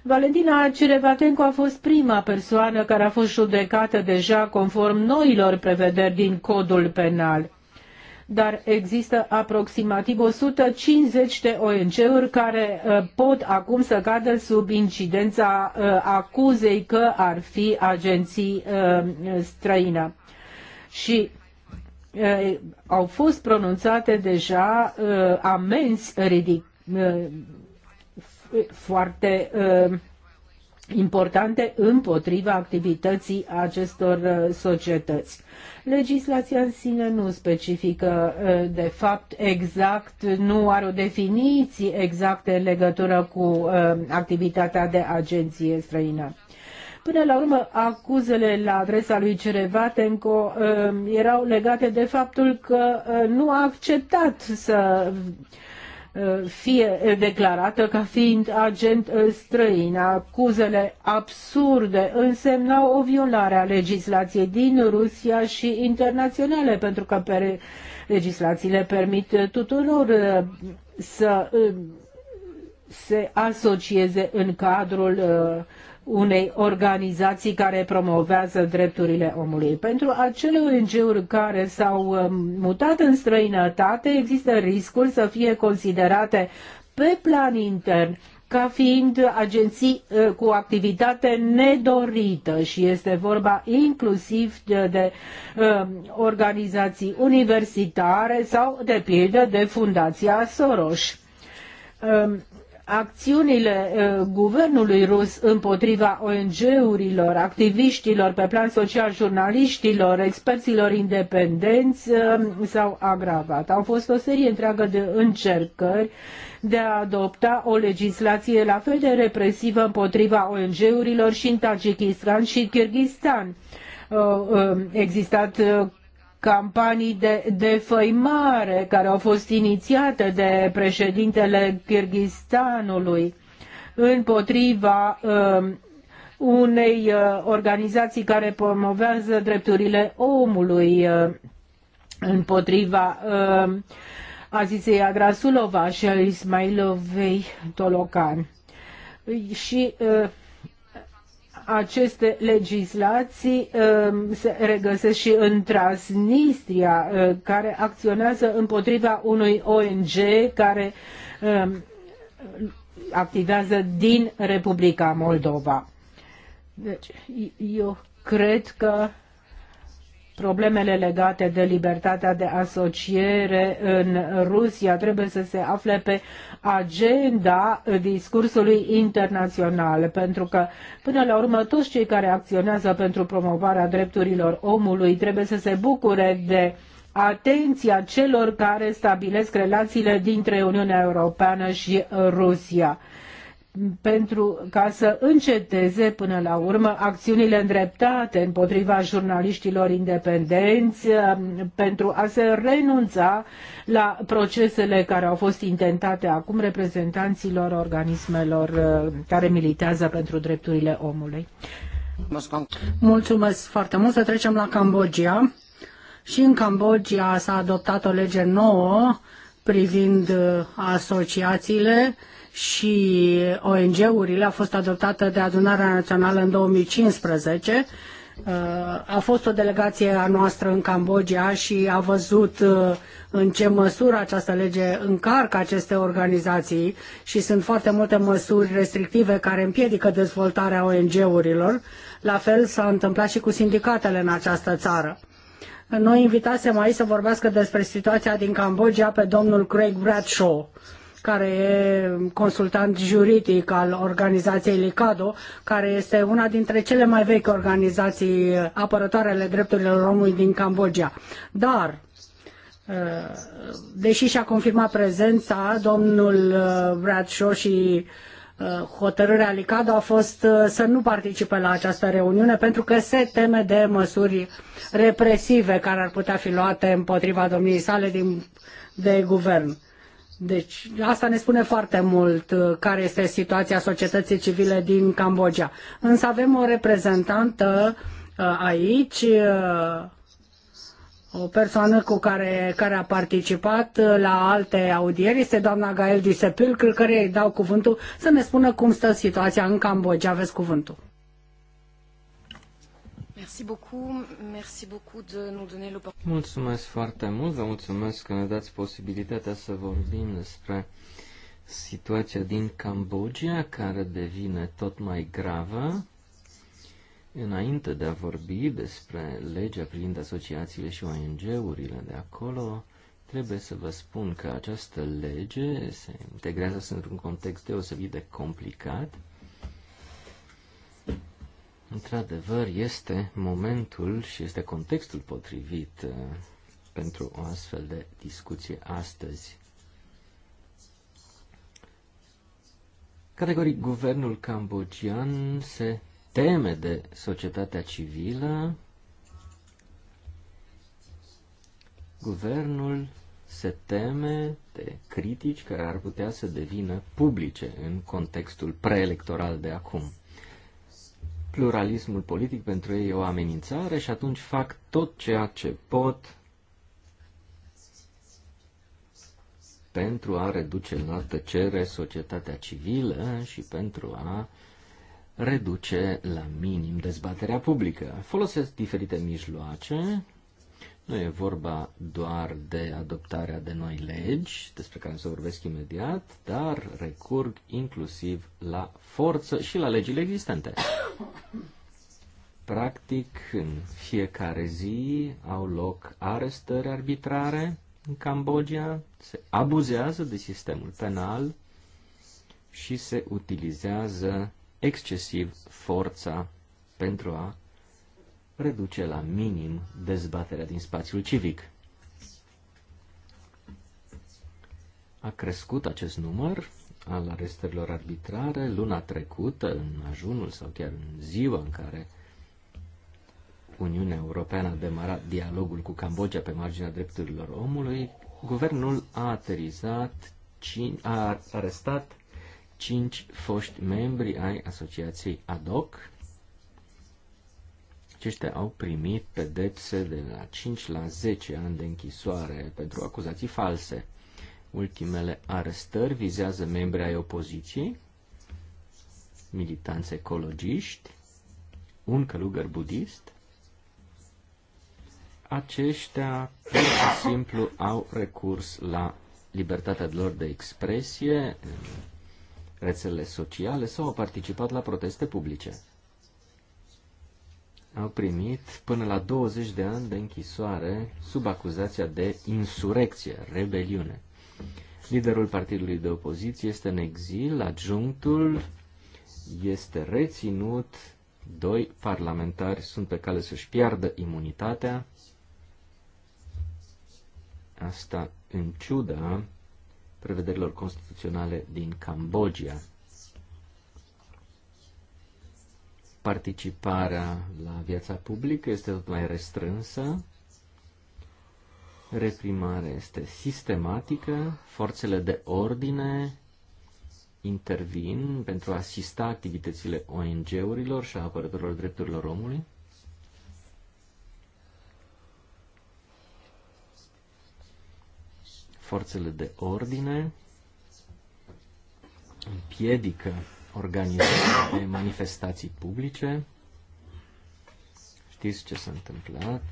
Valentina Cirevatenko a fost prima persoană care a fost judecată deja conform noilor prevederi din codul penal. Dar există aproximativ 150 de ONG-uri care uh, pot acum să cadă sub incidența uh, acuzei că ar fi agenții uh, străină și eh, au fost pronunțate deja eh, amenzi ridic, eh, foarte importante împotriva activității acestor societăți. Legislația în sine nu specifică de fapt exact, nu are o definiție exactă în legătură cu activitatea de agenție străină. Până la urmă, acuzele la adresa lui Cerevatenco um, erau legate de faptul că uh, nu a acceptat să uh, fie declarată ca fiind agent uh, străin. Acuzele absurde însemnau o violare a legislației din Rusia și internaționale, pentru că pe legislațiile permit tuturor să se asocieze în cadrul uh, unei organizații care promovează drepturile omului. Pentru acele ONG-uri care s-au um, mutat în străinătate, există riscul să fie considerate pe plan intern ca fiind agenții uh, cu activitate nedorită și este vorba inclusiv de, de um, organizații universitare sau, de pildă, de Fundația Soros um, acțiunile uh, guvernului rus împotriva ONG-urilor, activiștilor pe plan social, jurnaliștilor, experților independenți uh, s-au agravat. Au fost o serie întreagă de încercări de a adopta o legislație la fel de represivă împotriva ONG-urilor și în Tajikistan și Kyrgyzstan. Au uh, existat campanii de defăimare care au fost inițiate de președintele Kirghistanului împotriva uh, unei uh, organizații care promovează drepturile omului uh, împotriva uh, Azizei Agrasulova și Ismailovei Tolocan. Și uh, aceste legislații um, se regăsesc și în Transnistria, uh, care acționează împotriva unui ONG care um, activează din Republica Moldova. Deci, eu cred că problemele legate de libertatea de asociere în Rusia trebuie să se afle pe agenda discursului internațional, pentru că până la urmă toți cei care acționează pentru promovarea drepturilor omului trebuie să se bucure de atenția celor care stabilesc relațiile dintre Uniunea Europeană și Rusia pentru ca să înceteze până la urmă acțiunile îndreptate împotriva jurnaliștilor independenți um, pentru a se renunța la procesele care au fost intentate acum reprezentanților organismelor uh, care militează pentru drepturile omului. Mulțumesc foarte mult. Să trecem la Cambodgia. Și în Cambodgia s-a adoptat o lege nouă privind uh, asociațiile și ONG-urile a fost adoptată de Adunarea Națională în 2015. Uh, a fost o delegație a noastră în Cambodgia și a văzut uh, în ce măsură această lege încarcă aceste organizații și sunt foarte multe măsuri restrictive care împiedică dezvoltarea ONG-urilor. La fel s-a întâmplat și cu sindicatele în această țară. Noi invitasem aici să vorbească despre situația din Cambodgia pe domnul Craig Bradshaw care e consultant juridic al organizației Licado, care este una dintre cele mai vechi organizații apărătoare ale drepturilor omului din Cambodgia. Dar eh, deși și-a confirmat prezența, domnul eh, Bradshaw și eh, hotărârea Licado a fost să nu participe la această reuniune pentru că se teme de măsuri represive care ar putea fi luate împotriva domniei sale din, de guvern. Deci asta ne spune foarte mult uh, care este situația societății civile din Cambodgia. Însă avem o reprezentantă uh, aici, uh, o persoană cu care, care a participat la alte audieri, este doamna Gael Disepil, care îi dau cuvântul să ne spună cum stă situația în Cambodgia. Aveți cuvântul. Mulțumesc foarte mult, vă mulțumesc că ne dați posibilitatea să vorbim despre situația din Cambodgia, care devine tot mai gravă. Înainte de a vorbi despre legea privind asociațiile și ONG-urile de acolo, trebuie să vă spun că această lege se integrează într-un context deosebit de complicat Într-adevăr, este momentul și este contextul potrivit uh, pentru o astfel de discuție astăzi. Categoric, guvernul cambogian se teme de societatea civilă. Guvernul se teme de critici care ar putea să devină publice în contextul preelectoral de acum pluralismul politic pentru ei e o amenințare și atunci fac tot ceea ce pot pentru a reduce altă cere societatea civilă și pentru a reduce la minim dezbaterea publică. Folosesc diferite mijloace, nu e vorba doar de adoptarea de noi legi, despre care să vorbesc imediat, dar recurg inclusiv la forță și la legile existente. Practic, în fiecare zi au loc arestări arbitrare în Cambodgia, se abuzează de sistemul penal și se utilizează excesiv forța pentru a reduce la minim dezbaterea din spațiul civic. A crescut acest număr al arestărilor arbitrare luna trecută, în ajunul sau chiar în ziua în care Uniunea Europeană a demarat dialogul cu Cambodgia pe marginea drepturilor omului, guvernul a aterizat, a arestat cinci foști membri ai asociației ADOC, aceștia au primit pedepse de la 5 la 10 ani de închisoare pentru acuzații false. Ultimele arestări vizează membri ai opoziției, militanți ecologiști, un călugăr budist. Aceștia pur și simplu au recurs la libertatea lor de expresie, rețele sociale sau au participat la proteste publice au primit până la 20 de ani de închisoare sub acuzația de insurecție, rebeliune. Liderul partidului de opoziție este în exil, adjunctul este reținut, doi parlamentari sunt pe cale să-și piardă imunitatea. Asta în ciuda prevederilor constituționale din Cambodgia. participarea la viața publică este tot mai restrânsă, reprimarea este sistematică, forțele de ordine intervin pentru a asista activitățile ONG-urilor și a apărătorilor drepturilor omului. Forțele de ordine împiedică organizare de manifestații publice. Știți ce s-a întâmplat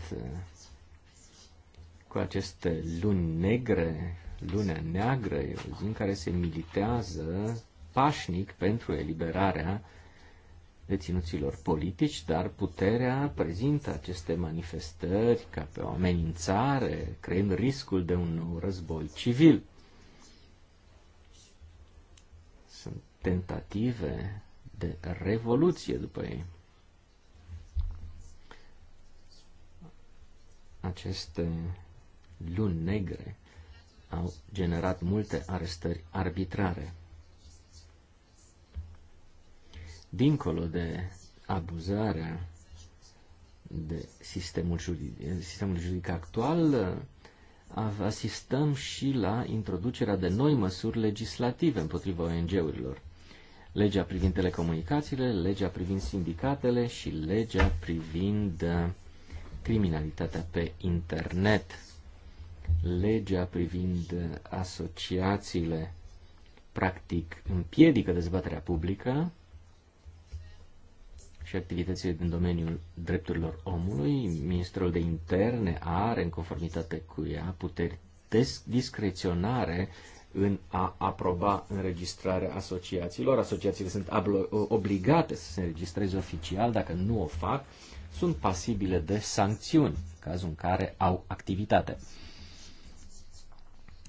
cu aceste luni negre, lunea neagră, e o zi în care se militează pașnic pentru eliberarea deținuților politici, dar puterea prezintă aceste manifestări ca pe o amenințare, creând riscul de un nou război civil. tentative de revoluție după ei. Aceste luni negre au generat multe arestări arbitrare. Dincolo de abuzarea de sistemul juridic, sistemul juridic actual, asistăm și la introducerea de noi măsuri legislative împotriva ONG-urilor legea privind telecomunicațiile, legea privind sindicatele și legea privind uh, criminalitatea pe internet, legea privind uh, asociațiile practic împiedică dezbaterea publică și activitățile din domeniul drepturilor omului. Ministrul de interne are, în conformitate cu ea, puteri discreționare în a aproba înregistrarea asociațiilor. Asociațiile sunt obligate să se înregistreze oficial, dacă nu o fac, sunt pasibile de sancțiuni, cazul în care au activitate.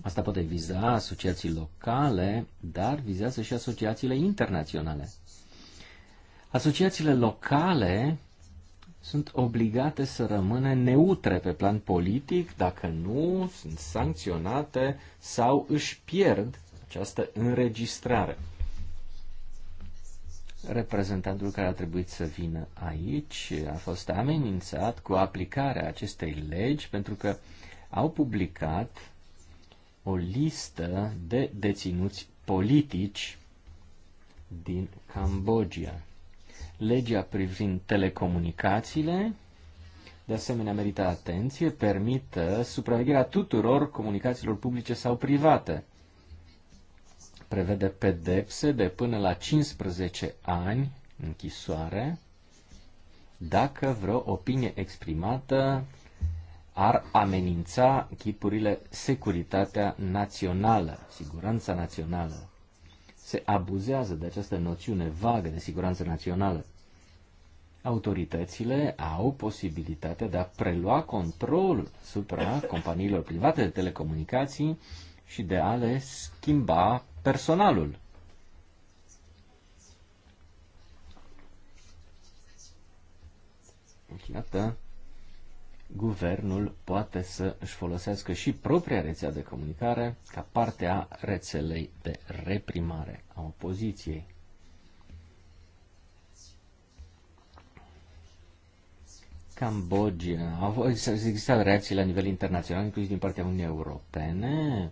Asta poate viza asociații locale, dar vizează și asociațiile internaționale. Asociațiile locale sunt obligate să rămână neutre pe plan politic, dacă nu sunt sancționate sau își pierd această înregistrare. Reprezentantul care a trebuit să vină aici a fost amenințat cu aplicarea acestei legi pentru că au publicat o listă de deținuți politici din Cambodgia. Legea privind telecomunicațiile, de asemenea merită atenție, permită supravegherea tuturor comunicațiilor publice sau private. Prevede pedepse de până la 15 ani închisoare dacă vreo opinie exprimată ar amenința chipurile securitatea națională, siguranța națională se abuzează de această noțiune vagă de siguranță națională. Autoritățile au posibilitatea de a prelua controlul supra companiilor private de telecomunicații și de a le schimba personalul. Deci, iată, guvernul poate să își folosească și propria rețea de comunicare ca parte a rețelei de reprimare a opoziției. Cambodgia. Au existat reacții la nivel internațional, inclusiv din partea Uniunii Europene.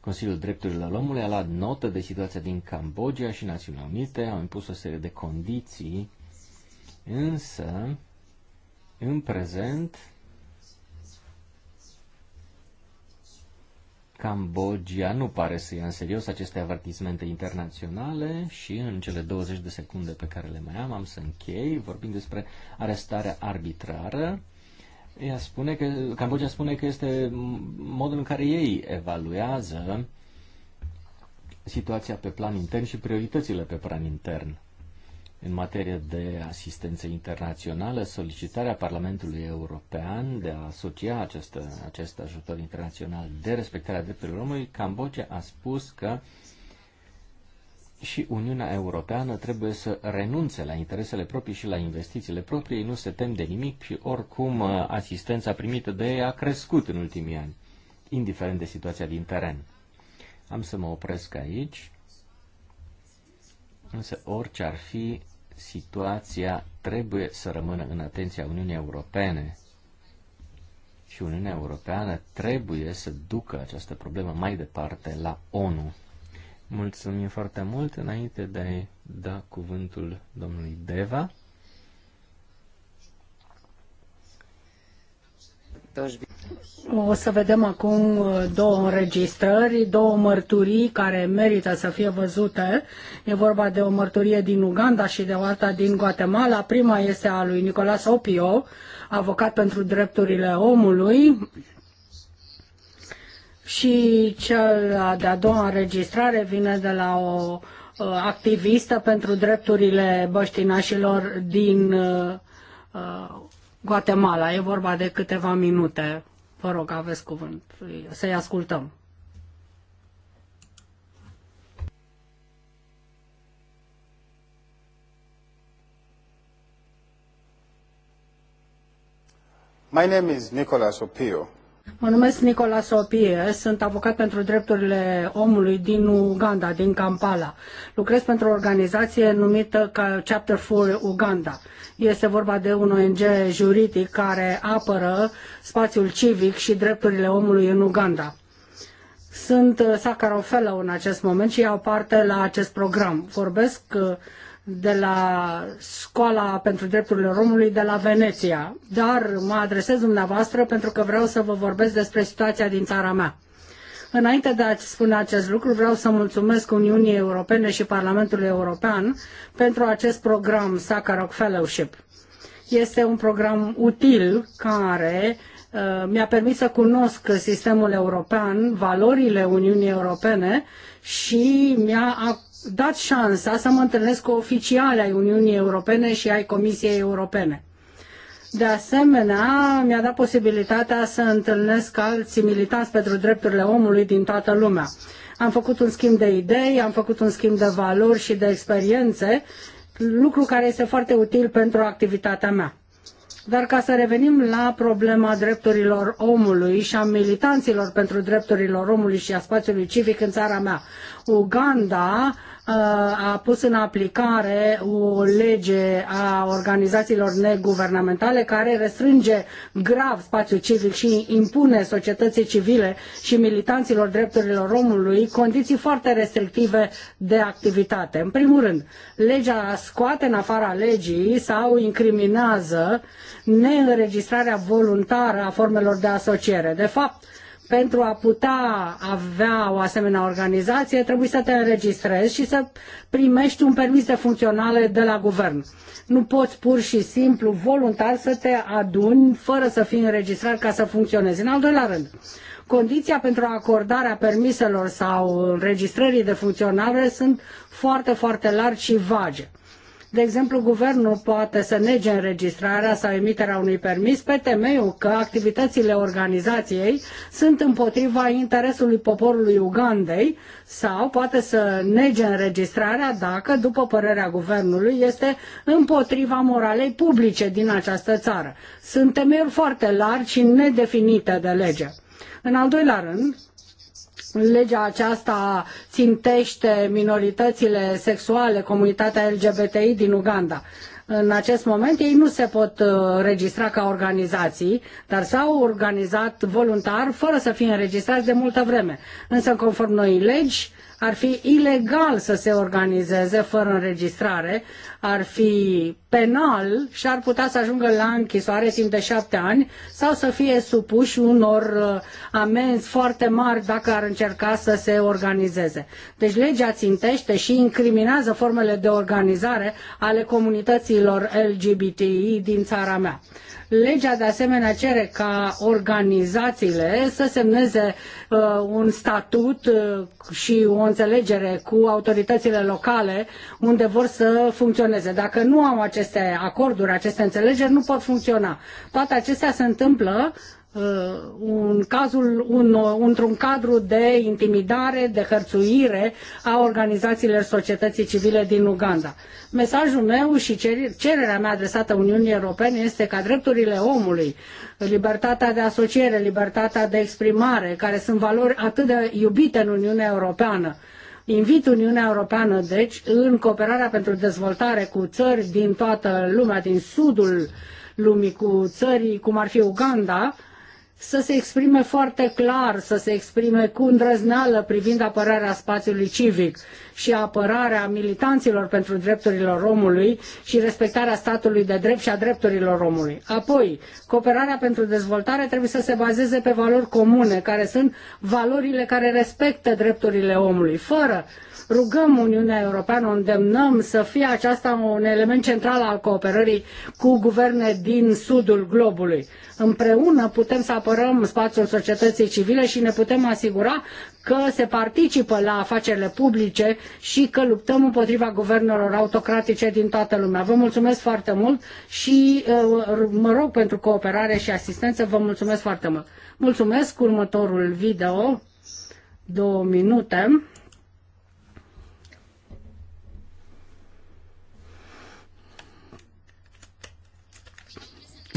Consiliul Drepturilor Omului a luat notă de situația din Cambodgia și Națiunile Unite, au impus o serie de condiții, însă în prezent, Cambodgia nu pare să ia în serios aceste avertismente internaționale și în cele 20 de secunde pe care le mai am, am să închei vorbind despre arestarea arbitrară. Ea spune că, Cambodgia spune că este modul în care ei evaluează situația pe plan intern și prioritățile pe plan intern în materie de asistență internațională, solicitarea Parlamentului European de a asocia acest, acest ajutor internațional de respectarea drepturilor omului, Cambodgia a spus că și Uniunea Europeană trebuie să renunțe la interesele proprii și la investițiile proprii, ei nu se tem de nimic și oricum uh, asistența primită de ei a crescut în ultimii ani, indiferent de situația din teren. Am să mă opresc aici. Însă orice ar fi, situația trebuie să rămână în atenția Uniunii Europene și Uniunea Europeană trebuie să ducă această problemă mai departe la ONU. Mulțumim foarte mult înainte de a da cuvântul domnului Deva. O să vedem acum uh, două înregistrări, două mărturii care merită să fie văzute. E vorba de o mărturie din Uganda și de o alta din Guatemala. Prima este a lui Nicolas Opio, avocat pentru drepturile omului. Și cea de-a doua înregistrare vine de la o uh, activistă pentru drepturile băștinașilor din uh, Guatemala. E vorba de câteva minute. Vă rog, aveți cuvânt. Să-i ascultăm. My name is Nicholas Opio. Mă numesc Nicola Sopie, sunt avocat pentru drepturile omului din Uganda, din Kampala. Lucrez pentru o organizație numită Chapter 4 Uganda. Este vorba de un ONG juridic care apără spațiul civic și drepturile omului în Uganda. Sunt Sakharov Fellow în acest moment și iau parte la acest program. Vorbesc uh, de la Școala pentru Drepturile Romului de la Veneția, dar mă adresez dumneavoastră pentru că vreau să vă vorbesc despre situația din țara mea. Înainte de a spune acest lucru, vreau să mulțumesc Uniunii Europene și Parlamentului European pentru acest program Sakharov Fellowship. Este un program util care uh, mi-a permis să cunosc sistemul european, valorile Uniunii Europene și mi-a dat șansa să mă întâlnesc cu oficialii ai Uniunii Europene și ai Comisiei Europene. De asemenea, mi-a dat posibilitatea să întâlnesc alți militanți pentru drepturile omului din toată lumea. Am făcut un schimb de idei, am făcut un schimb de valori și de experiențe, lucru care este foarte util pentru activitatea mea. Dar ca să revenim la problema drepturilor omului și a militanților pentru drepturile omului și a spațiului civic în țara mea, Uganda a pus în aplicare o lege a organizațiilor neguvernamentale care restrânge grav spațiul civic și impune societății civile și militanților drepturilor omului condiții foarte restrictive de activitate. În primul rând, legea scoate în afara legii sau incriminează neînregistrarea voluntară a formelor de asociere. De fapt, pentru a putea avea o asemenea organizație, trebuie să te înregistrezi și să primești un permis de funcționare de la guvern. Nu poți pur și simplu, voluntar, să te aduni fără să fii înregistrat ca să funcționezi. În al doilea rând, condiția pentru acordarea permiselor sau înregistrării de funcționare sunt foarte, foarte largi și vage de exemplu, guvernul poate să nege înregistrarea sau emiterea unui permis pe temeiul că activitățile organizației sunt împotriva interesului poporului Ugandei sau poate să nege înregistrarea dacă, după părerea guvernului, este împotriva moralei publice din această țară. Sunt temeiuri foarte largi și nedefinite de lege. În al doilea rând, legea aceasta țintește minoritățile sexuale, comunitatea LGBTI din Uganda. În acest moment ei nu se pot uh, registra ca organizații, dar s-au organizat voluntar fără să fie înregistrați de multă vreme. Însă, conform noii legi, ar fi ilegal să se organizeze fără înregistrare, ar fi penal și ar putea să ajungă la închisoare timp de șapte ani sau să fie supuși unor uh, amenzi foarte mari dacă ar încerca să se organizeze. Deci legea țintește și incriminează formele de organizare ale comunităților LGBTI din țara mea. Legea de asemenea cere ca organizațiile să semneze uh, un statut uh, și o înțelegere cu autoritățile locale unde vor să funcționeze funcționeze. Dacă nu au aceste acorduri, aceste înțelegeri, nu pot funcționa. Toate acestea se întâmplă uh, un cazul, un, într-un cadru de intimidare, de hărțuire a organizațiilor societății civile din Uganda. Mesajul meu și cererea mea adresată Uniunii Europene este ca drepturile omului, libertatea de asociere, libertatea de exprimare, care sunt valori atât de iubite în Uniunea Europeană, Invit Uniunea Europeană, deci, în cooperarea pentru dezvoltare cu țări din toată lumea, din sudul lumii, cu țări cum ar fi Uganda, să se exprime foarte clar, să se exprime cu îndrăzneală privind apărarea spațiului civic și apărarea militanților pentru drepturile omului și respectarea statului de drept și a drepturilor omului. Apoi, cooperarea pentru dezvoltare trebuie să se bazeze pe valori comune, care sunt valorile care respectă drepturile omului, fără rugăm Uniunea Europeană, o îndemnăm să fie aceasta un element central al cooperării cu guverne din sudul globului. Împreună putem să apărăm spațiul societății civile și ne putem asigura că se participă la afacerile publice și că luptăm împotriva guvernelor autocratice din toată lumea. Vă mulțumesc foarte mult și uh, mă rog pentru cooperare și asistență. Vă mulțumesc foarte mult. Mulțumesc următorul video, două minute.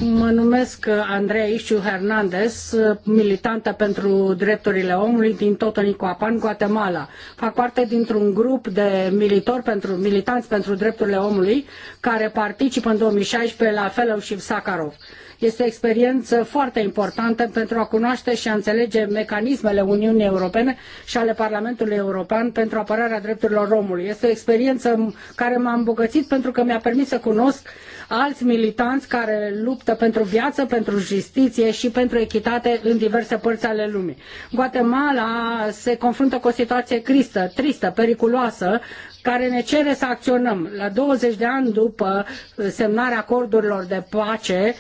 Mă numesc Andreea Ișu Hernandez, militantă pentru drepturile omului din Totonicoapan, Guatemala. Fac parte dintr-un grup de militori pentru, militanți pentru drepturile omului care participă în 2016 la Fellowship Sakharov. Este o experiență foarte importantă pentru a cunoaște și a înțelege mecanismele Uniunii Europene și ale Parlamentului European pentru apărarea drepturilor omului. Este o experiență care m-a îmbogățit pentru că mi-a permis să cunosc alți militanți care luptă pentru viață, pentru justiție și pentru echitate în diverse părți ale lumii. Guatemala se confruntă cu o situație cristă, tristă, periculoasă, care ne cere să acționăm. La 20 de ani după semnarea acordurilor de pace,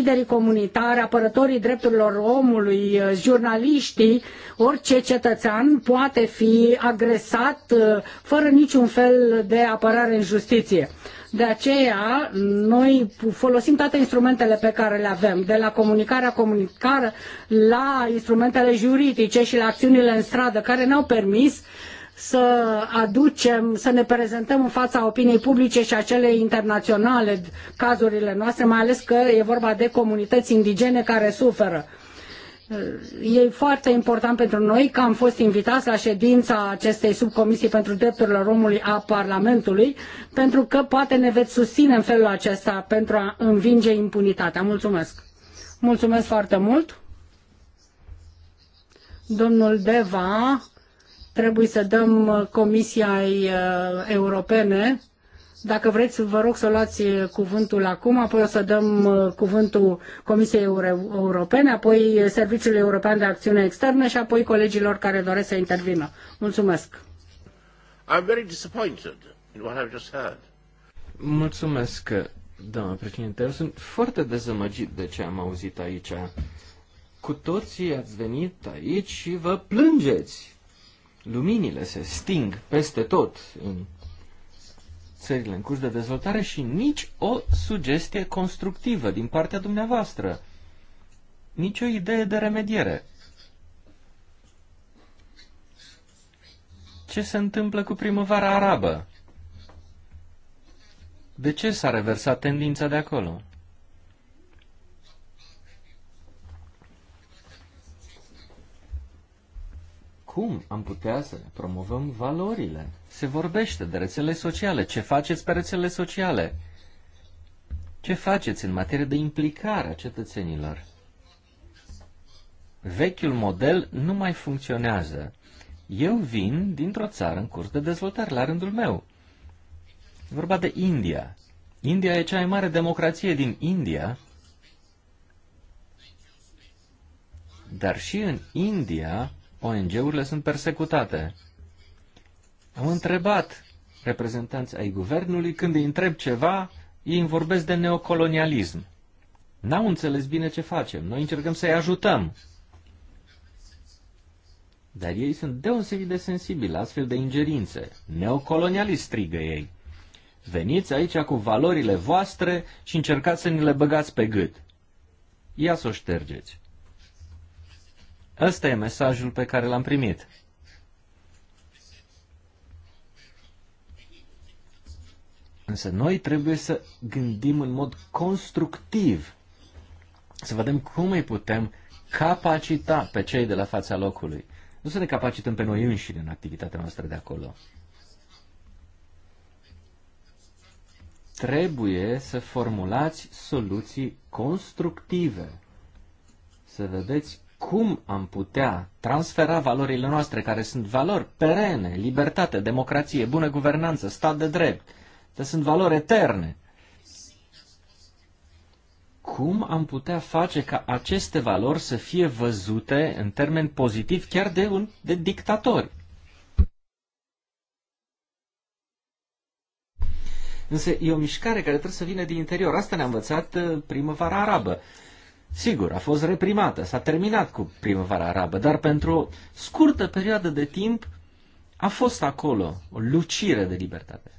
liderii comunitari, apărătorii drepturilor omului, eh, jurnaliștii, orice cetățean poate fi agresat eh, fără niciun fel de apărare în justiție. De aceea, noi folosim toate instrumentele pe care le avem, de la comunicarea comunicară la instrumentele juridice și la acțiunile în stradă, care ne-au permis să aducem, să ne prezentăm în fața opiniei publice și a celei internaționale cazurile noastre, mai ales că e vorba de comunități indigene care suferă. E foarte important pentru noi că am fost invitați la ședința acestei subcomisii pentru drepturile omului a Parlamentului, pentru că poate ne veți susține în felul acesta pentru a învinge impunitatea. Mulțumesc! Mulțumesc foarte mult! Domnul Deva trebuie să dăm uh, Comisiei uh, Europene. Dacă vreți, vă rog să luați uh, cuvântul acum, apoi o să dăm cuvântul Comisiei Europene, apoi Serviciul European de Acțiune Externă și apoi colegilor care doresc să intervină. Mulțumesc! I'm very disappointed in what I've just heard. Mulțumesc, doamna președinte. Eu sunt foarte dezamăgit de ce am auzit aici. Cu toții ați venit aici și vă plângeți luminile se sting peste tot în țările în curs de dezvoltare și nici o sugestie constructivă din partea dumneavoastră, nici o idee de remediere. Ce se întâmplă cu primăvara arabă? De ce s-a reversat tendința de acolo? cum am putea să ne promovăm valorile? Se vorbește de rețele sociale. Ce faceți pe rețele sociale? Ce faceți în materie de implicare a cetățenilor? Vechiul model nu mai funcționează. Eu vin dintr-o țară în curs de dezvoltare, la rândul meu. E vorba de India. India e cea mai mare democrație din India, dar și în India ONG-urile sunt persecutate. Am întrebat reprezentanți ai guvernului, când îi întreb ceva, ei îmi vorbesc de neocolonialism. N-au înțeles bine ce facem. Noi încercăm să-i ajutăm. Dar ei sunt deosebit de sensibili la astfel de ingerințe. Neocolonialist strigă ei. Veniți aici cu valorile voastre și încercați să ni le băgați pe gât. Ia să o ștergeți. Ăsta e mesajul pe care l-am primit. Însă noi trebuie să gândim în mod constructiv, să vedem cum îi putem capacita pe cei de la fața locului. Nu să ne capacităm pe noi înșine în activitatea noastră de acolo. Trebuie să formulați soluții constructive, să vedeți cum am putea transfera valorile noastre, care sunt valori perene, libertate, democrație, bună guvernanță, stat de drept, că sunt valori eterne. Cum am putea face ca aceste valori să fie văzute în termen pozitiv chiar de, un, de dictatori? Însă e o mișcare care trebuie să vină din interior. Asta ne-a învățat uh, primăvara arabă. Sigur, a fost reprimată, s-a terminat cu primăvara arabă, dar pentru o scurtă perioadă de timp a fost acolo o lucire de libertate.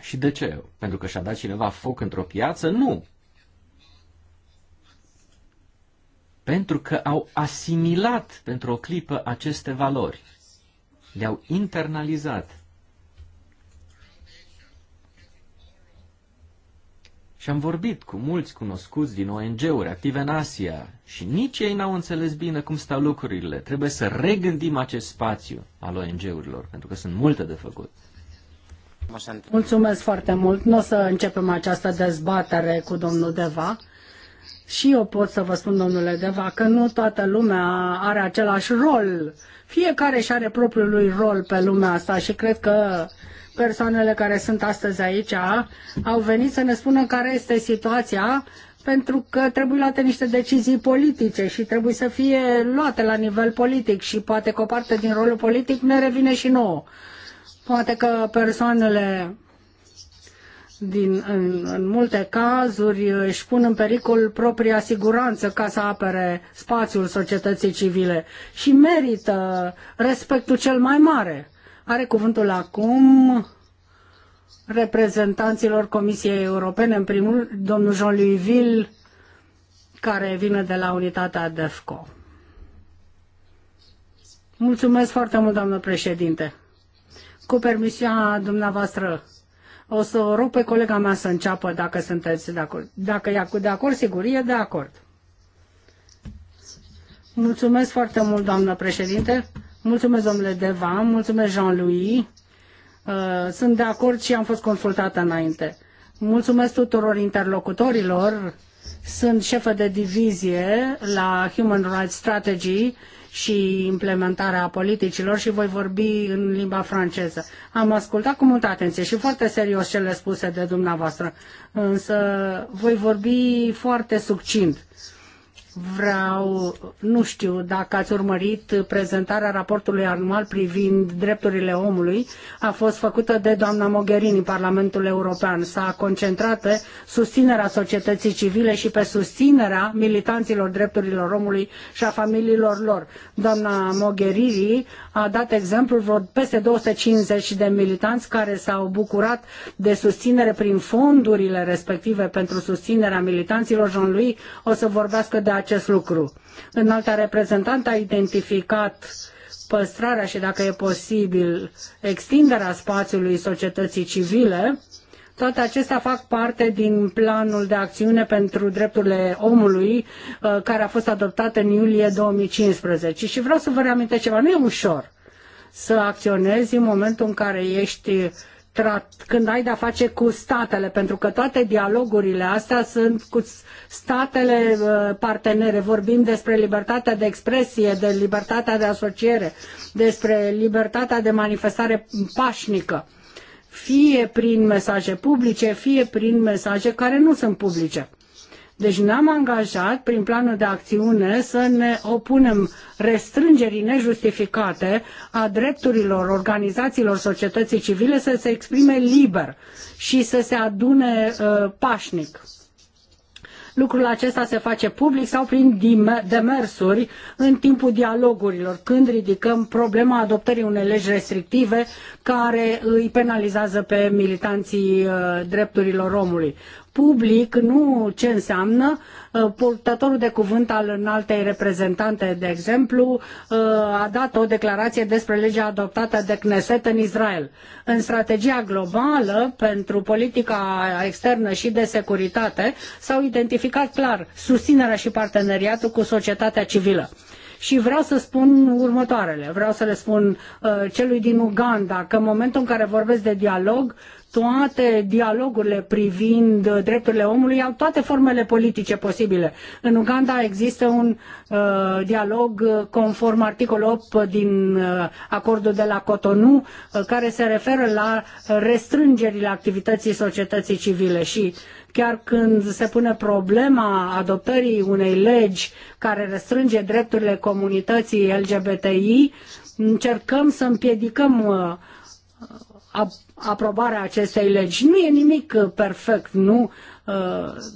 Și de ce? Pentru că și-a dat cineva foc într-o piață? Nu! Pentru că au asimilat pentru o clipă aceste valori. Le-au internalizat. Și am vorbit cu mulți cunoscuți din ONG-uri active în Asia și nici ei n-au înțeles bine cum stau lucrurile. Trebuie să regândim acest spațiu al ONG-urilor, pentru că sunt multe de făcut. Mulțumesc foarte mult. Nu o să începem această dezbatere cu domnul Deva. Și eu pot să vă spun, domnule Deva, că nu toată lumea are același rol. Fiecare și are propriul lui rol pe lumea asta și cred că persoanele care sunt astăzi aici au venit să ne spună care este situația, pentru că trebuie luate niște decizii politice și trebuie să fie luate la nivel politic și poate că o parte din rolul politic ne revine și nouă. Poate că persoanele din, în, în multe cazuri își pun în pericol propria siguranță ca să apere spațiul societății civile și merită respectul cel mai mare. Are cuvântul acum reprezentanților Comisiei Europene, în primul domnul Jean-Louis Ville, care vine de la unitatea DEFCO. Mulțumesc foarte mult, doamnă președinte. Cu permisiunea dumneavoastră, o să o rog pe colega mea să înceapă dacă sunteți de acord. Dacă e de acord, sigur, e de acord. Mulțumesc foarte mult, doamnă președinte. Mulțumesc, domnule Deva, mulțumesc, Jean-Louis. Uh, sunt de acord și am fost consultată înainte. Mulțumesc tuturor interlocutorilor. Sunt șefă de divizie la Human Rights Strategy și implementarea politicilor și voi vorbi în limba franceză. Am ascultat cu multă atenție și foarte serios cele spuse de dumneavoastră, însă voi vorbi foarte succint. Uh, Vreau, nu știu dacă ați urmărit prezentarea raportului anual privind drepturile omului, a fost făcută de doamna Mogherini în Parlamentul European. S-a concentrat pe susținerea societății civile și pe susținerea militanților drepturilor omului și a familiilor lor. Doamna Mogherini a dat exemplul vreo peste 250 de militanți care s-au bucurat de susținere prin fondurile respective pentru susținerea militanților. Jean-Louis o să vorbească de acest lucru. Înalta reprezentant a identificat păstrarea și, dacă e posibil, extinderea spațiului societății civile. Toate acestea fac parte din planul de acțiune pentru drepturile omului uh, care a fost adoptat în iulie 2015. Și vreau să vă reamintesc ceva, nu e ușor să acționezi în momentul în care ești când ai de-a face cu statele, pentru că toate dialogurile astea sunt cu statele uh, partenere. Vorbim despre libertatea de expresie, de libertatea de asociere, despre libertatea de manifestare pașnică, fie prin mesaje publice, fie prin mesaje care nu sunt publice. Deci ne-am angajat prin planul de acțiune să ne opunem restrângerii nejustificate a drepturilor organizațiilor societății civile să se exprime liber și să se adune uh, pașnic. Lucrul acesta se face public sau prin demersuri în timpul dialogurilor, când ridicăm problema adoptării unei legi restrictive care îi penalizează pe militanții uh, drepturilor omului public nu ce înseamnă uh, purtătorul de cuvânt al înaltei reprezentante, de exemplu, uh, a dat o declarație despre legea adoptată de Knesset în Israel. În strategia globală pentru politica externă și de securitate s-au identificat clar susținerea și parteneriatul cu societatea civilă. Și vreau să spun următoarele. Vreau să le spun uh, celui din Uganda că în momentul în care vorbesc de dialog, uh, toate dialogurile privind uh, drepturile omului au toate formele politice posibile. În Uganda există un uh, dialog uh, conform articolul 8 din uh, acordul de la Cotonou uh, care se referă la restrângerile activității societății civile și chiar când se pune problema adoptării unei legi care restrânge drepturile comunității LGBTI, încercăm să împiedicăm uh, aprobarea acestei legi. Nu e nimic uh, perfect, nu, uh,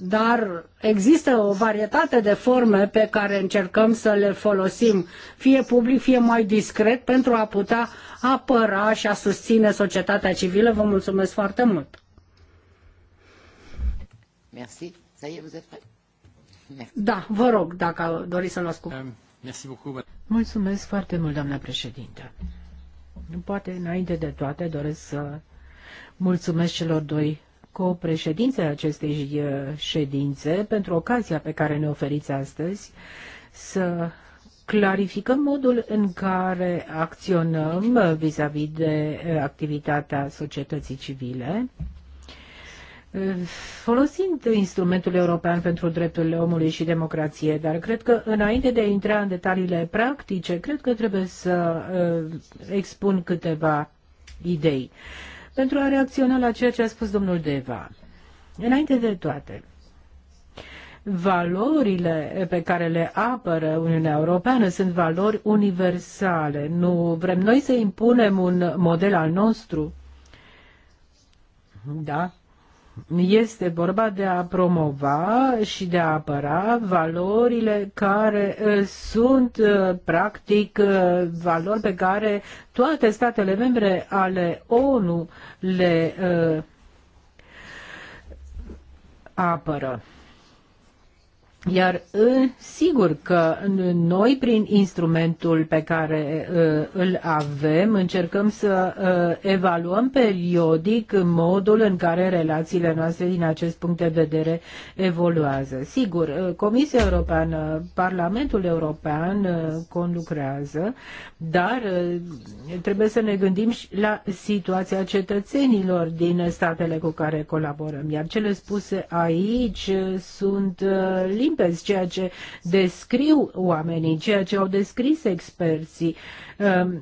dar există o varietate de forme pe care încercăm să le folosim, fie public, fie mai discret, pentru a putea apăra și a susține societatea civilă. Vă mulțumesc foarte mult! Merci. Ça y est, vous êtes Da, vă rog, dacă doriți să-l ascult. Um, mulțumesc foarte mult, doamna președintă. Poate, înainte de toate, doresc să mulțumesc celor doi copreședințele acestei uh, ședințe pentru ocazia pe care ne oferiți astăzi să clarificăm modul în care acționăm vis-a-vis -vis de uh, activitatea societății civile folosind instrumentul european pentru drepturile omului și democrație, dar cred că înainte de a intra în detaliile practice, cred că trebuie să uh, expun câteva idei. Pentru a reacționa la ceea ce a spus domnul Deva, înainte de toate, valorile pe care le apără Uniunea Europeană sunt valori universale. Nu vrem noi să impunem un model al nostru. Da, este vorba de a promova și de a apăra valorile care sunt practic valori pe care toate statele membre ale ONU le apără. Iar ă, sigur că noi, prin instrumentul pe care ă, îl avem, încercăm să ă, evaluăm periodic modul în care relațiile noastre din acest punct de vedere evoluează. Sigur, Comisia Europeană, Parlamentul European conlucrează, dar trebuie să ne gândim și la situația cetățenilor din statele cu care colaborăm. Iar cele spuse aici sunt limite limpezi ceea ce descriu oamenii, ceea ce au descris experții. Um,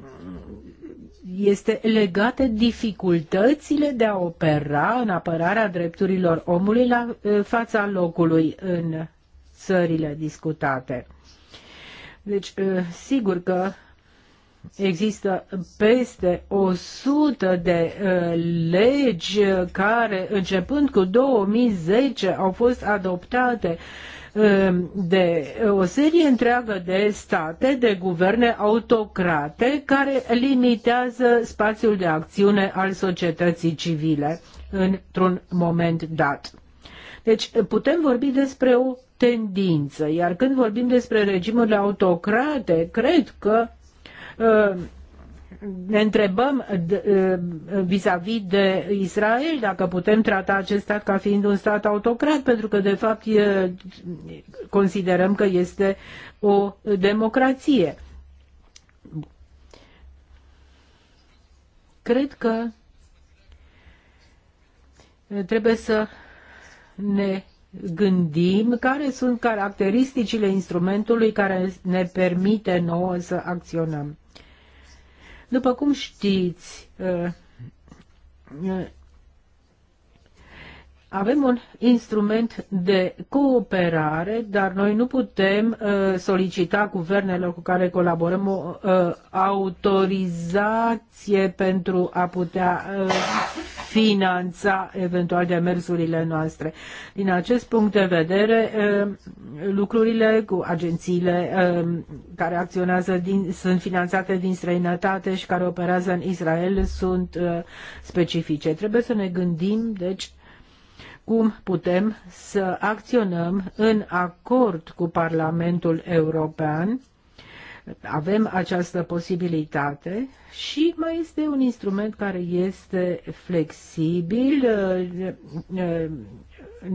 este legate dificultățile de a opera în apărarea drepturilor omului la uh, fața locului în țările discutate. Deci, uh, sigur că Există peste 100 de uh, legi care, începând cu 2010, au fost adoptate Ehm, de o serie întreagă de state, de guverne autocrate care limitează spațiul de acțiune al societății civile într-un moment dat. Deci putem vorbi despre o tendință, iar când vorbim despre regimurile autocrate, cred că ehm, ne întrebăm vis-a-vis -vis de Israel dacă putem trata acest stat ca fiind un stat autocrat, pentru că de fapt considerăm că este o democrație. Cred că trebuie să ne gândim care sunt caracteristicile instrumentului care ne permite nouă să acționăm. După cum știți, uh, uh, avem un instrument de cooperare, dar noi nu putem uh, solicita guvernelor cu care colaborăm o autorizație pentru a putea finanța eventual demersurile noastre. Din acest punct de vedere, lucrurile cu agențiile care acționează din, sunt finanțate din străinătate și care operează în Israel sunt specifice. Trebuie să ne gândim, deci, cum putem să acționăm în acord cu Parlamentul European avem această posibilitate și mai este un instrument care este flexibil,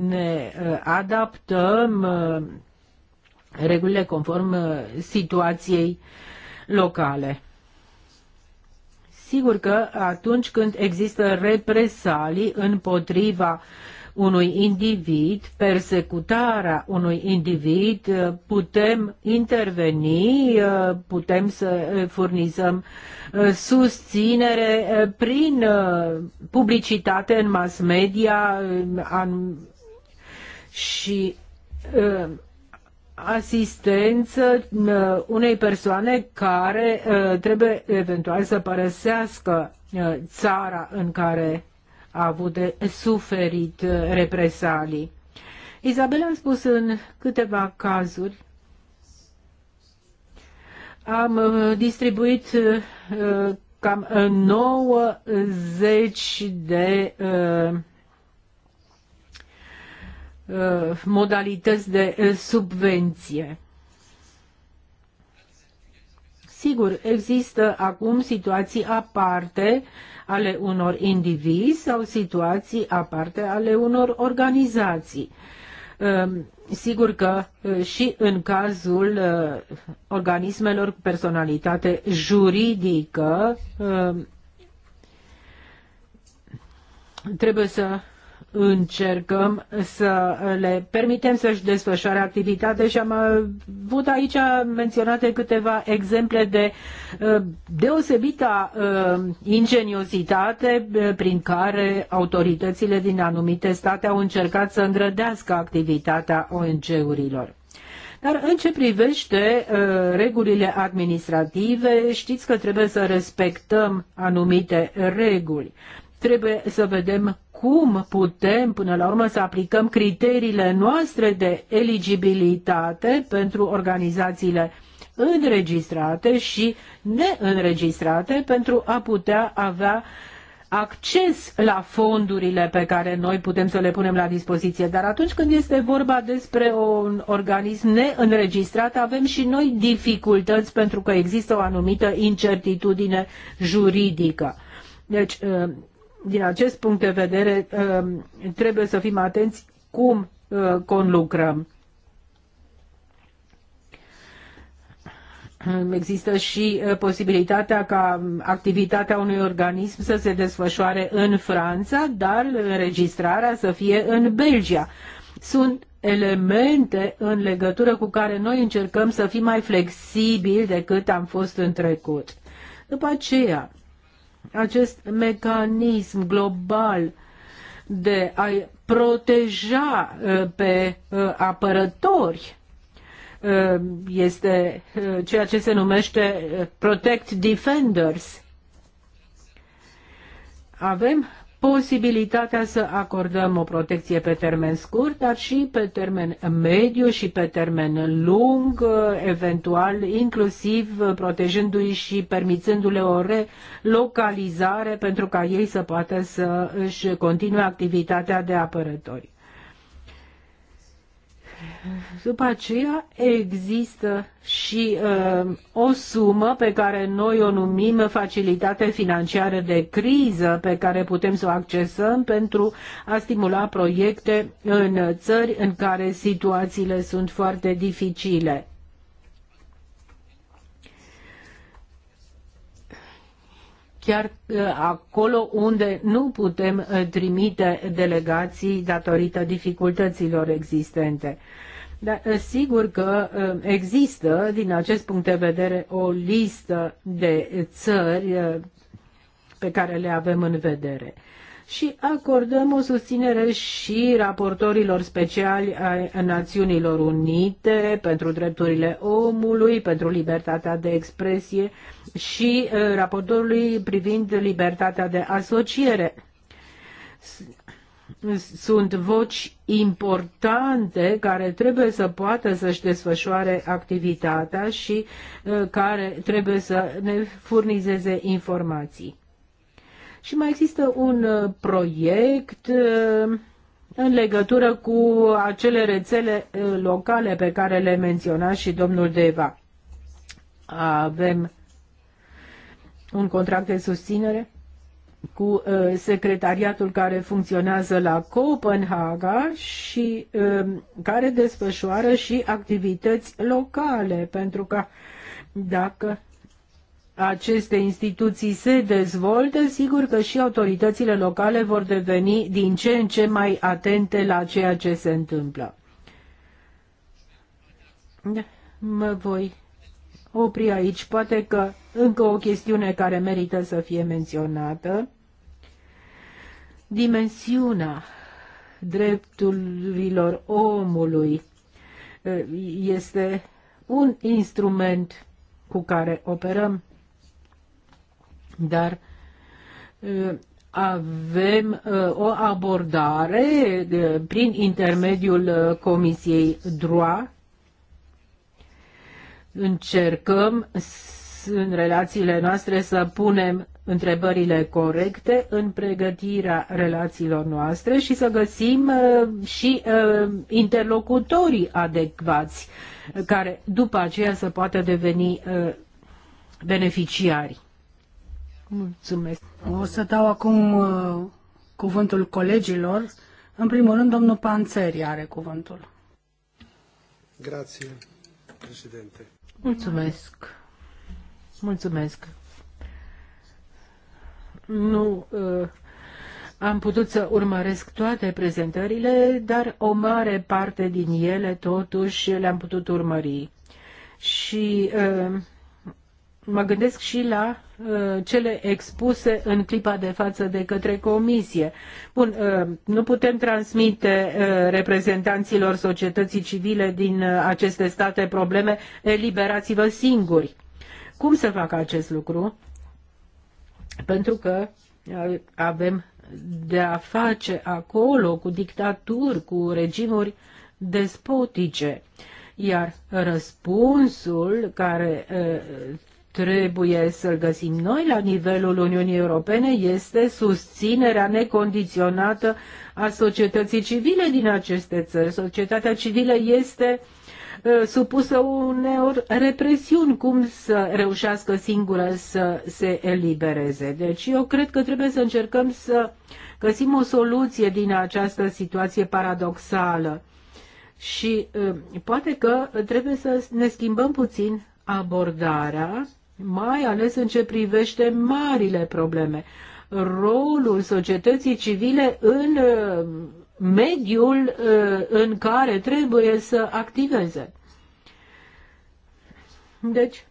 ne eh, adaptăm eh, regulile conform eh, situației locale. Sigur că atunci când există represalii împotriva uh, unui individ, persecutarea unui individ, uh, putem interveni, uh, putem să uh, furnizăm susținere prin publicitate în mass media și asistență unei persoane care trebuie eventual să părăsească țara în care a avut de suferit uh, represalii. Isabel a spus în câteva cazuri am uh, distribuit uh, cam 90 de modalități de subvenție. Sigur, există acum situații aparte ale unor indivizi sau situații aparte ale unor organizații. Ehm, sigur că și în cazul organismelor cu personalitate juridică ehm, trebuie să încercăm să le permitem să-și desfășoare activitate și am avut aici menționate câteva exemple de uh, deosebită uh, ingeniozitate uh, prin care autoritățile din anumite state au încercat să îngrădească activitatea ONG-urilor. Dar în ce privește uh, regulile administrative, știți că trebuie să respectăm anumite reguli. Trebuie să vedem cum putem până la urmă să aplicăm criteriile noastre de eligibilitate pentru organizațiile înregistrate și neînregistrate pentru a putea avea acces la fondurile pe care noi putem să le punem la dispoziție. Dar atunci când este vorba despre un organism neînregistrat, avem și noi dificultăți pentru că există o anumită incertitudine juridică. Deci, din acest punct de vedere, um, trebuie să fim atenți cum uh, conlucrăm. Există și uh, posibilitatea ca activitatea unui organism să se desfășoare în Franța, dar înregistrarea să fie în Belgia. Sunt elemente în legătură cu care noi încercăm să fim mai flexibili decât am fost în trecut. După aceea, acest mecanism global de a proteja uh, pe uh, apărători uh, este ceea ce se numește Protect Defenders. Avem posibilitatea să acordăm o protecție pe termen scurt, dar și pe termen mediu și pe termen lung, eventual inclusiv protejându-i și permițându-le o relocalizare pentru ca ei să poată să își continue activitatea de apărători. După aceea există și uh, o sumă pe care noi o numim facilitate financiară de criză pe care putem să o accesăm pentru a stimula proiecte în țări în care situațiile sunt foarte dificile. chiar uh, acolo unde nu putem uh, trimite delegații datorită dificultăților existente. Dar uh, sigur că uh, există, din acest punct de vedere, o listă de țări uh, pe care le avem în vedere. Și acordăm o susținere și raportorilor speciali ai Națiunilor Unite pentru drepturile omului, pentru libertatea de expresie și raportorului privind libertatea de asociere sunt voci importante care trebuie să poată să-și desfășoare activitatea și uh, care trebuie să ne furnizeze informații. Și mai există un uh, proiect uh, în legătură cu acele rețele locale pe care le menționa și domnul Deva. Avem un contract de susținere cu uh, secretariatul care funcționează la Copenhaga și um, care desfășoară și activități locale, pentru că dacă aceste instituții se dezvoltă, sigur că și autoritățile locale vor deveni din ce în ce mai atente la ceea ce se întâmplă. Da, mă voi opri aici. Poate că încă o chestiune care merită să fie menționată dimensiunea drepturilor omului este un instrument cu care operăm, dar avem o abordare prin intermediul Comisiei DROA. Încercăm în relațiile noastre să punem întrebările corecte în pregătirea relațiilor noastre și să găsim uh, și uh, interlocutorii adecvați care după aceea să poată deveni uh, beneficiari. Mulțumesc. O să dau acum cuvântul colegilor. În primul rând, domnul Panțeri are cuvântul. Grație, președinte. Mulțumesc. Mulțumesc, nu uh, am putut să urmăresc toate prezentările, dar o mare parte din ele totuși le-am putut urmări. Și uh, mă gândesc și la uh, cele expuse în clipa de față de către comisie. Bun, uh, nu putem transmite uh, reprezentanților societății civile din uh, aceste state probleme, eliberați-vă singuri. Cum să facă acest lucru? pentru că uh, avem de a face acolo cu dictaturi, cu regimuri despotice. Iar răspunsul care uh, trebuie să-l găsim noi la nivelul Uniunii Europene este susținerea necondiționată a societății civile din aceste țări. Societatea civilă este uh, supusă uneori represiuni, cum să reușească singură să se elibereze. Deci eu cred că trebuie să încercăm să găsim o soluție din această situație paradoxală. Și poate că trebuie să ne schimbăm puțin abordarea, mai ales în ce privește marile probleme. Rolul societății civile în mediul în care trebuie să activeze. Deci,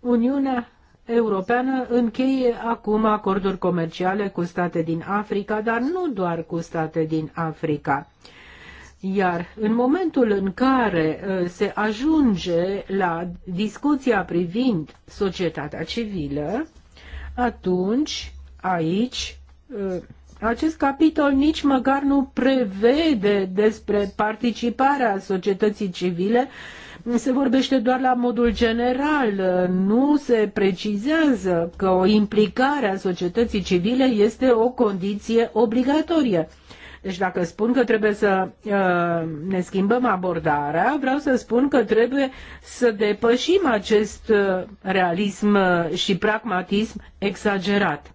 Uniunea Europeană încheie acum acorduri comerciale cu state din Africa, dar nu doar cu state din Africa. Iar în momentul în care uh, se ajunge la discuția privind societatea civilă, atunci aici uh, acest capitol nici măcar nu prevede despre participarea societății civile. Se vorbește doar la modul general, nu se precizează că o implicare a societății civile este o condiție obligatorie. Deci dacă spun că trebuie să uh, ne schimbăm abordarea, vreau să spun că trebuie să depășim acest uh, realism uh, și pragmatism exagerat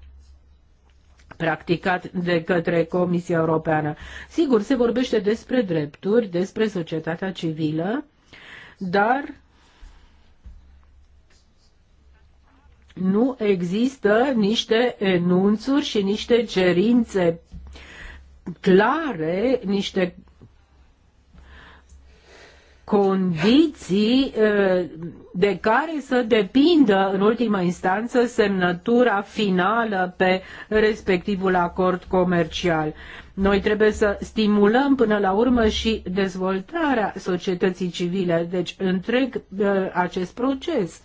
practicat de către Comisia Europeană. Sigur, se vorbește despre drepturi, despre societatea civilă, dar nu există niște enunțuri și niște cerințe clare, niște condiții de care să depindă în ultima instanță semnătura finală pe respectivul acord comercial. Noi trebuie să stimulăm până la urmă și dezvoltarea societății civile, deci întreg acest proces.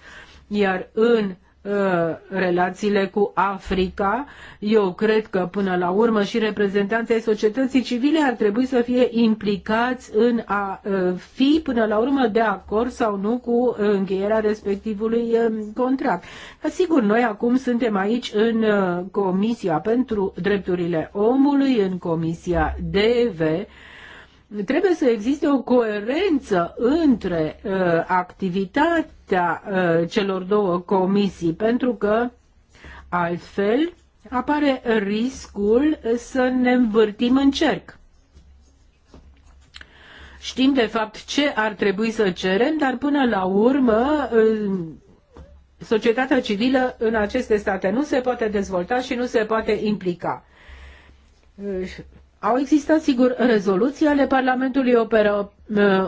Iar în Uh, relațiile cu Africa. Eu cred că până la urmă și reprezentanții societății civile ar trebui să fie implicați în a uh, fi până la urmă de acord sau nu cu încheierea respectivului um, contract. Sigur, noi acum suntem aici în uh, Comisia pentru Drepturile Omului, în Comisia DV, trebuie să existe o coerență între uh, activitatea partea uh, celor două comisii, pentru că altfel apare riscul să ne învârtim în cerc. Știm de fapt ce ar trebui să cerem, dar până la urmă uh, societatea civilă în aceste state nu se poate dezvolta și nu se poate implica. Uh, au existat, sigur, rezoluții ale Parlamentului, Opera, uh,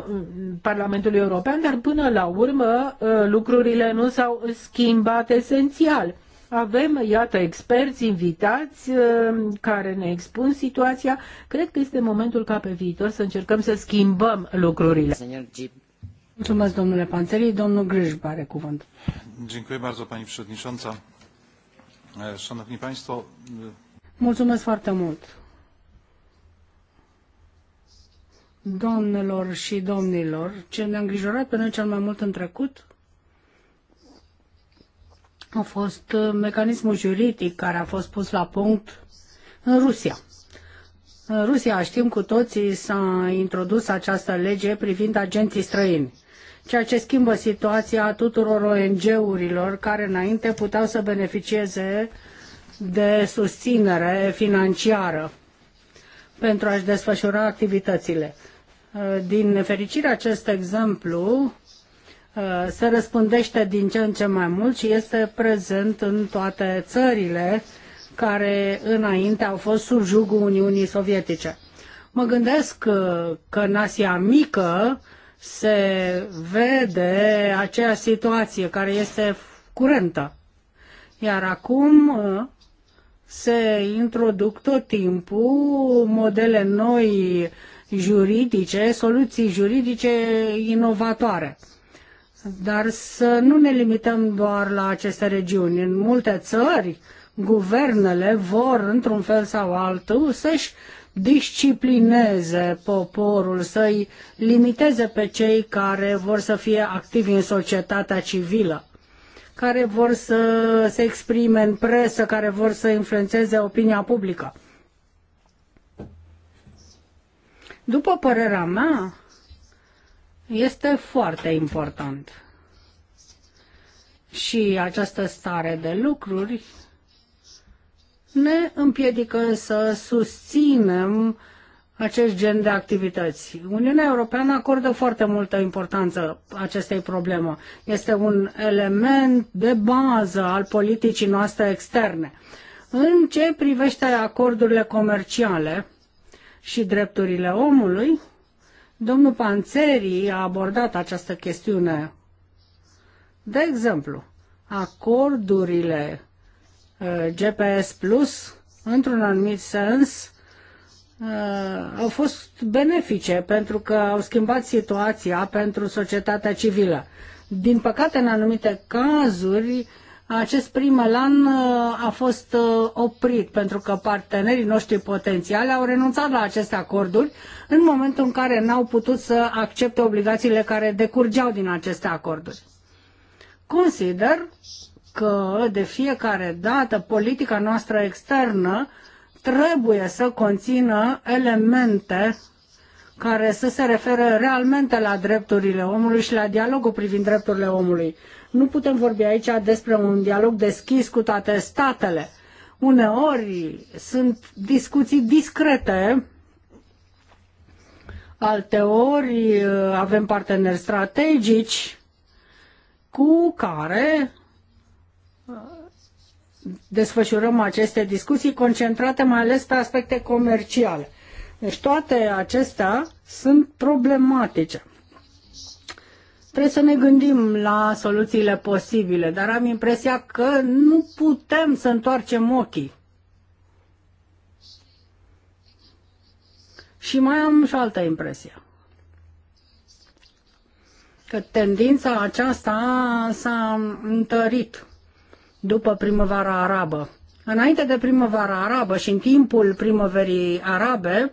Parlamentului European, dar până la urmă uh, lucrurile nu s-au schimbat esențial. Avem, iată, experți invitați uh, care ne expun situația. Cred că este momentul ca pe viitor să încercăm să schimbăm lucrurile. Mulțumesc, domnule Panțeli. Domnul Grâșba are cuvânt. Dziękuję bardzo, pani przewodnicząca. Szanowni państwo, Mulțumesc foarte mult. Doamnelor și domnilor, ce ne-a îngrijorat pe noi cel mai mult în trecut a fost uh, mecanismul juridic care a fost pus la punct în Rusia. În Rusia, știm cu toții, s-a introdus această lege privind agenții străini, ceea ce schimbă situația tuturor ONG-urilor care înainte puteau să beneficieze de susținere financiară pentru a-și desfășura activitățile. Uh, din nefericire, acest exemplu uh, se răspândește din ce în ce mai mult și este prezent în toate țările care înainte au fost sub jugul Uniunii Sovietice. Mă gândesc uh, că, că în Asia Mică se vede aceeași situație care este curentă. Iar acum se introduc tot timpul modele noi juridice, soluții juridice inovatoare. Dar să nu ne limităm doar la aceste regiuni. În multe țări, guvernele vor, într-un fel sau altul, să-și disciplineze poporul, să-i limiteze pe cei care vor să fie activi în societatea civilă care vor să se exprime în presă, care vor să influențeze opinia publică. După părerea mea, este foarte important. Și această stare de lucruri ne împiedică să susținem acest gen de activități. Uniunea Europeană acordă foarte multă importanță acestei probleme. Este un element de bază al politicii noastre externe. În ce privește acordurile comerciale și drepturile omului, domnul Panțeri a abordat această chestiune. De exemplu, acordurile uh, GPS Plus, într-un anumit sens, Uh, au fost benefice pentru că au schimbat situația pentru societatea civilă. Din păcate, în anumite cazuri, acest prim elan uh, a fost uh, oprit pentru că partenerii noștri potențiali au renunțat la aceste acorduri în momentul în care n-au putut să accepte obligațiile care decurgeau din aceste acorduri. Consider că de fiecare dată politica noastră externă uh, trebuie să conțină elemente care să se referă realmente la drepturile omului și la dialogul privind drepturile omului. Nu putem vorbi aici despre un dialog deschis cu toate statele. Uneori sunt discuții discrete, alteori uh, avem parteneri strategici cu care desfășurăm aceste discuții concentrate mai ales pe aspecte comerciale. Deci toate acestea sunt problematice. Trebuie să ne gândim la soluțiile posibile, dar am impresia că nu putem să întoarcem ochii. Și mai am și altă impresie. Că tendința aceasta s-a întărit după primăvara arabă. Înainte de primăvara arabă și în timpul primăverii arabe,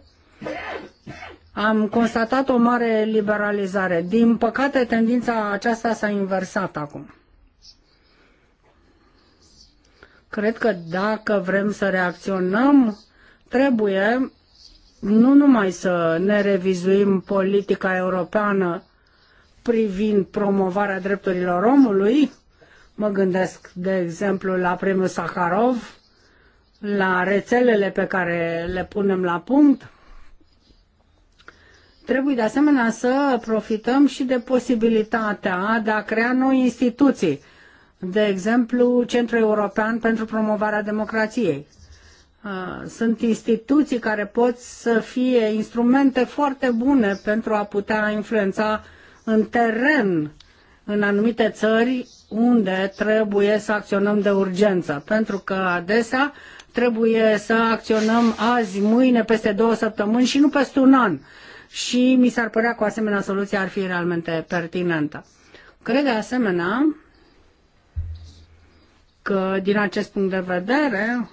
am constatat o mare liberalizare. Din păcate, tendința aceasta s-a inversat acum. Cred că dacă vrem să reacționăm, trebuie nu numai să ne revizuim politica europeană privind promovarea drepturilor omului, Mă gândesc, de exemplu, la premiul Saharov, la rețelele pe care le punem la punct. Trebuie de asemenea să profităm și de posibilitatea de a crea noi instituții, de exemplu Centrul European pentru Promovarea Democrației. Sunt instituții care pot să fie instrumente foarte bune pentru a putea influența în teren în anumite țări unde trebuie să acționăm de urgență, pentru că adesea trebuie să acționăm azi, mâine, peste două săptămâni și nu peste un an. Și mi s-ar părea că o asemenea soluție ar fi realmente pertinentă. Cred de asemenea că din acest punct de vedere,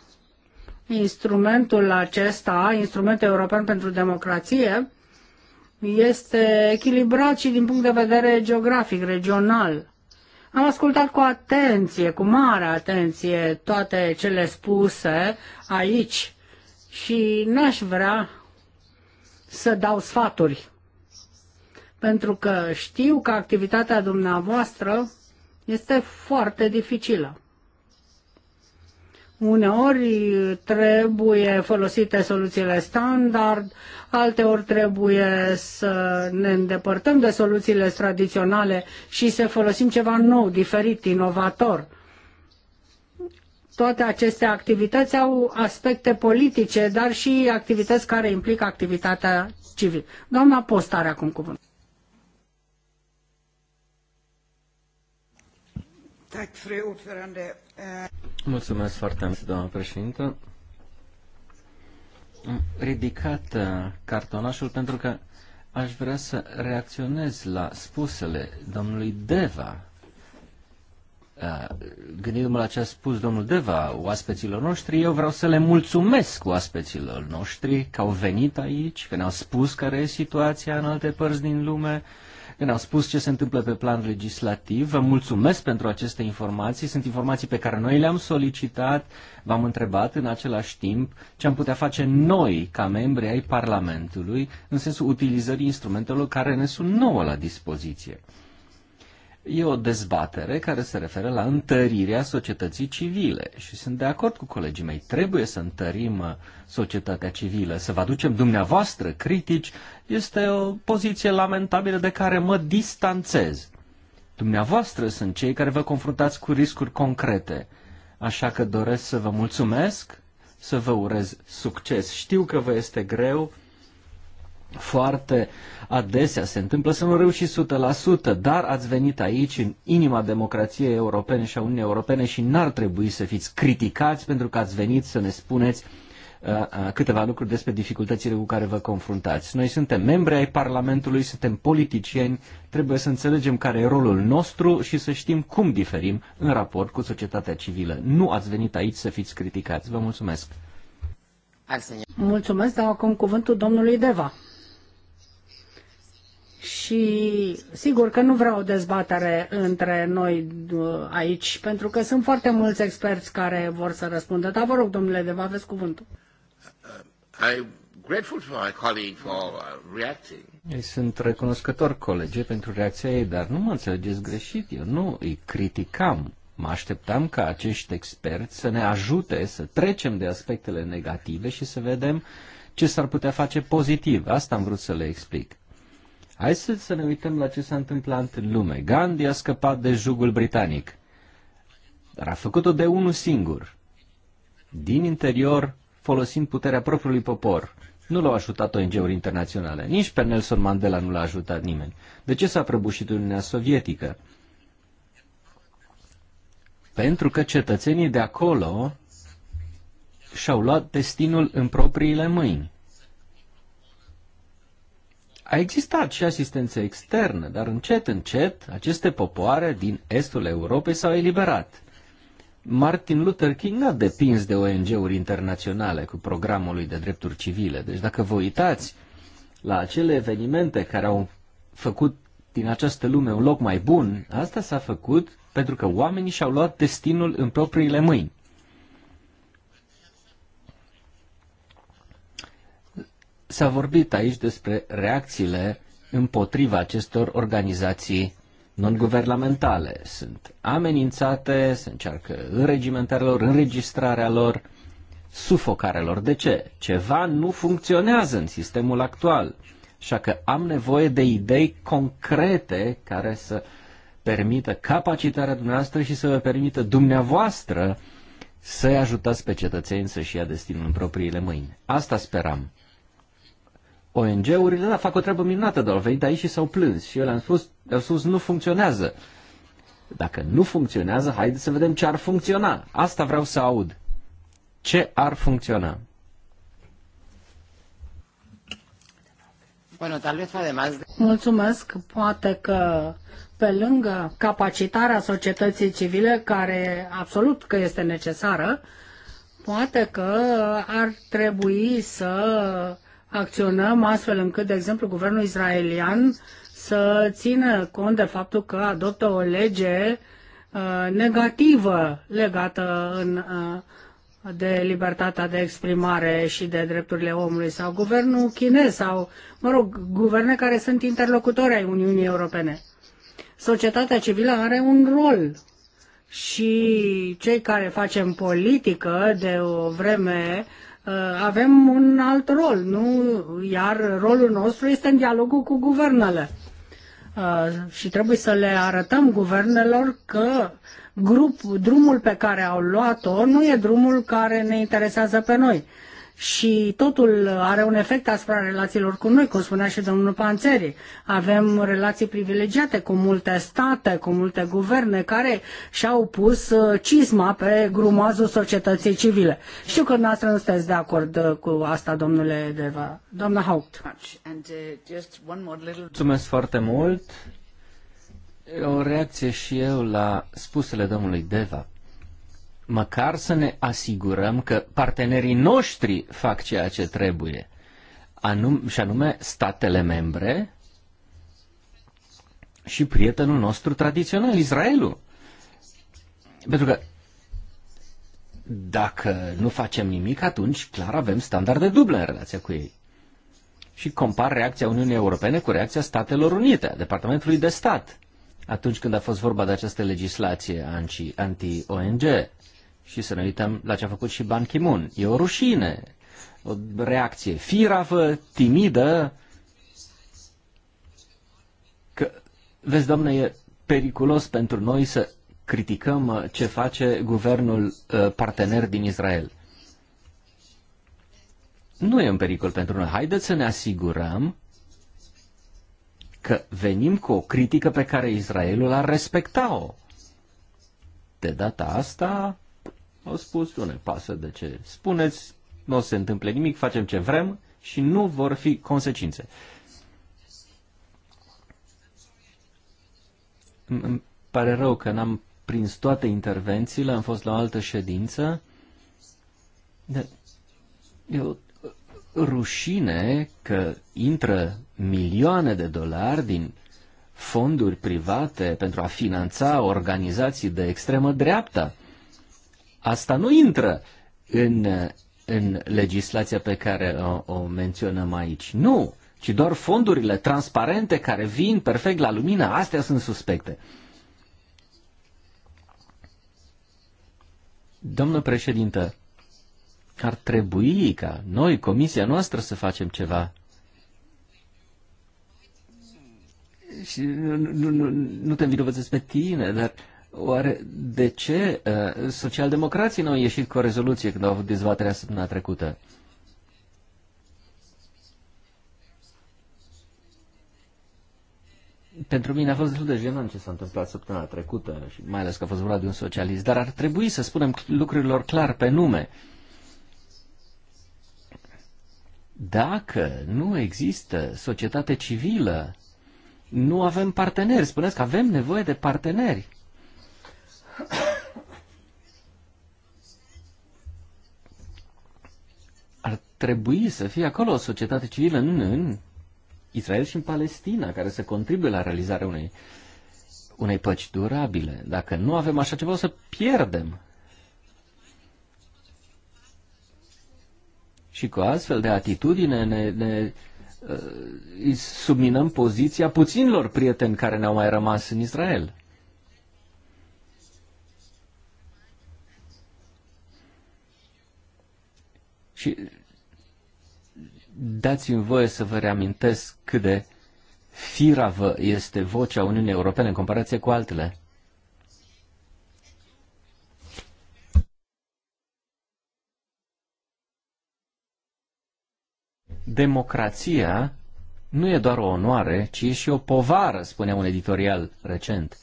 instrumentul acesta, instrumentul european pentru democrație, este echilibrat și din punct de vedere geografic, regional. Am ascultat cu atenție, cu mare atenție, toate cele spuse aici și n-aș vrea să dau sfaturi, pentru că știu că activitatea dumneavoastră este foarte dificilă. Uneori trebuie folosite soluțiile standard, alteori trebuie să ne îndepărtăm de soluțiile tradiționale și să folosim ceva nou, diferit, inovator toate aceste activități au aspecte politice, dar și activități care implică activitatea civilă. Doamna Post are acum cuvânt. Tack, fru ordförande. Mulțumesc foarte mult, doamnă președintă. Am ridicat uh, cartonașul pentru că aș vrea să reacționez la spusele domnului Deva. Uh, gândindu-mă la ce a spus domnul Deva oaspeților noștri, eu vreau să le mulțumesc oaspeților noștri că au venit aici, că ne-au spus care e situația în alte părți din lume, că ne-au spus ce se întâmplă pe plan legislativ. Vă mulțumesc pentru aceste informații. Sunt informații pe care noi le-am solicitat. V-am întrebat în același timp ce am putea face noi, ca membri ai Parlamentului, în sensul utilizării instrumentelor care ne sunt nouă la dispoziție. E o dezbatere care se referă la întărirea societății civile și sunt de acord cu colegii mei. Trebuie să întărim societatea civilă, să vă aducem dumneavoastră critici. Este o poziție lamentabilă de care mă distanțez. Dumneavoastră sunt cei care vă confruntați cu riscuri concrete. Așa că doresc să vă mulțumesc, să vă urez succes. Știu că vă este greu, foarte adesea se întâmplă să nu reușiți 100%, dar ați venit aici în inima democrației europene și a Uniunii Europene și n-ar trebui să fiți criticați pentru că ați venit să ne spuneți uh, uh, câteva lucruri despre dificultățile cu care vă confruntați. Noi suntem membri ai Parlamentului, suntem politicieni, trebuie să înțelegem care e rolul nostru și să știm cum diferim în raport cu societatea civilă. Nu ați venit aici să fiți criticați. Vă mulțumesc! Mulțumesc, dar acum cuvântul domnului Deva. Și sigur că nu vreau o dezbatere între noi uh, aici, pentru că sunt foarte mulți experți care vor să răspundă. Dar vă rog, domnule Deva, aveți cuvântul. Uh, grateful my for uh, reacting. Ei sunt recunoscător colege pentru reacția ei, dar nu mă înțelegeți greșit. Eu nu îi criticam. Mă așteptam ca acești experți să ne ajute să trecem de aspectele negative și să vedem ce s-ar putea face pozitiv. Asta am vrut să le explic. Hai să, să ne uităm la ce s-a întâmplat în lume. Gandhi a scăpat de jugul britanic, dar a făcut-o de unul singur, din interior, folosind puterea propriului popor. Nu l-au ajutat ONG-uri internaționale, nici pe Nelson Mandela nu l-a ajutat nimeni. De ce s-a prăbușit Uniunea Sovietică? Pentru că cetățenii de acolo și-au luat destinul în propriile mâini. A existat și asistență externă, dar încet, încet, aceste popoare din estul Europei s-au eliberat. Martin Luther King a depins de ONG-uri internaționale cu programul lui de drepturi civile. Deci dacă vă uitați la acele evenimente care au făcut din această lume un loc mai bun, asta s-a făcut pentru că oamenii și-au luat destinul în propriile mâini. S-a vorbit aici despre reacțiile împotriva acestor organizații non-guvernamentale. Sunt amenințate, se încearcă înregimentarea lor, înregistrarea lor, sufocarea lor. De ce? Ceva nu funcționează în sistemul actual. Așa că am nevoie de idei concrete care să permită capacitarea dumneavoastră și să vă permită dumneavoastră să-i ajutați pe cetățeni să-și ia destinul în propriile mâini. Asta speram. ONG-urile, da, fac o treabă minunată, dar au venit aici și s-au plâns. Și eu le-am spus, le-am spus, nu funcționează. Dacă nu funcționează, haideți să vedem ce ar funcționa. Asta vreau să aud. Ce ar funcționa? Mulțumesc. Poate că pe lângă capacitarea societății civile, care absolut că este necesară, poate că ar trebui să acționăm astfel încât, de exemplu, guvernul israelian să țină cont de faptul că adoptă o lege uh, negativă legată în, uh, de libertatea de exprimare și de drepturile omului sau guvernul chinez sau, mă rog, guverne care sunt interlocutori ai Uniunii Europene. Societatea civilă are un rol și cei care facem politică de o vreme Uh, avem un alt rol, nu? Iar rolul nostru este în dialogul cu guvernele. Uh, și trebuie să le arătăm guvernelor că grup, drumul pe care au luat-o nu e drumul care ne interesează pe noi și totul are un efect asupra relațiilor cu noi, cum spunea și domnul Panțeri. Avem relații privilegiate cu multe state, cu multe guverne care și-au pus uh, cisma pe grumazul societății civile. Știu că noastră nu sunteți de acord uh, cu asta, domnule Deva. Doamna Haupt. Uh, Mulțumesc foarte mult. O reacție și eu la spusele domnului Deva măcar să ne asigurăm că partenerii noștri fac ceea ce trebuie, anum, și anume statele membre și prietenul nostru tradițional, Israelul. Pentru că dacă nu facem nimic, atunci clar avem standarde duble în relația cu ei. Și compar reacția Uniunii Europene cu reacția Statelor Unite, a Departamentului de Stat, atunci când a fost vorba de această legislație anti-ONG. Și să ne uităm la ce a făcut și Ban Ki-moon. E o rușine, o reacție firavă, timidă, că, vezi, domne, e periculos pentru noi să criticăm uh, ce face guvernul uh, partener din Israel. Nu e un pericol pentru noi. Haideți să ne asigurăm că venim cu o critică pe care Israelul ar respecta-o. De data asta au spus, nu ne pasă de ce spuneți, nu se întâmple nimic, facem ce vrem și nu vor fi consecințe. Îmi pare rău că n-am prins toate intervențiile, am fost la o altă ședință. De, e o rușine că intră milioane de dolari din fonduri private pentru a finanța organizații de extremă dreapta. Asta nu intră în, în legislația pe care o, o menționăm aici. Nu, ci doar fondurile transparente care vin perfect la lumină, astea sunt suspecte. Domnul președinte, ar trebui ca noi, comisia noastră, să facem ceva. Și nu, nu, nu, nu te învinovățesc pe tine, dar uh, Oare de ce uh, socialdemocrații nu au ieșit cu o rezoluție când au avut dezbaterea săptămâna trecută? Pentru mine a fost destul de jenant ce s-a întâmplat săptămâna trecută și mai ales că a fost vorba de un socialist, dar ar trebui să spunem lucrurilor clar pe nume. Dacă nu există societate civilă, nu avem parteneri. Spuneți că avem nevoie de parteneri. Ar trebui să fie acolo o societate civilă în, în Israel și în Palestina care să contribuie la realizarea unei, unei păci durabile. Dacă nu avem așa ceva, o să pierdem. Și cu astfel de atitudine ne, ne uh, subminăm poziția puținilor prieteni care ne-au mai rămas în Israel. Și dați-mi voie să vă reamintesc cât de firavă este vocea Uniunii Europene în comparație cu altele. Democrația nu e doar o onoare, ci e și o povară, spunea un editorial recent.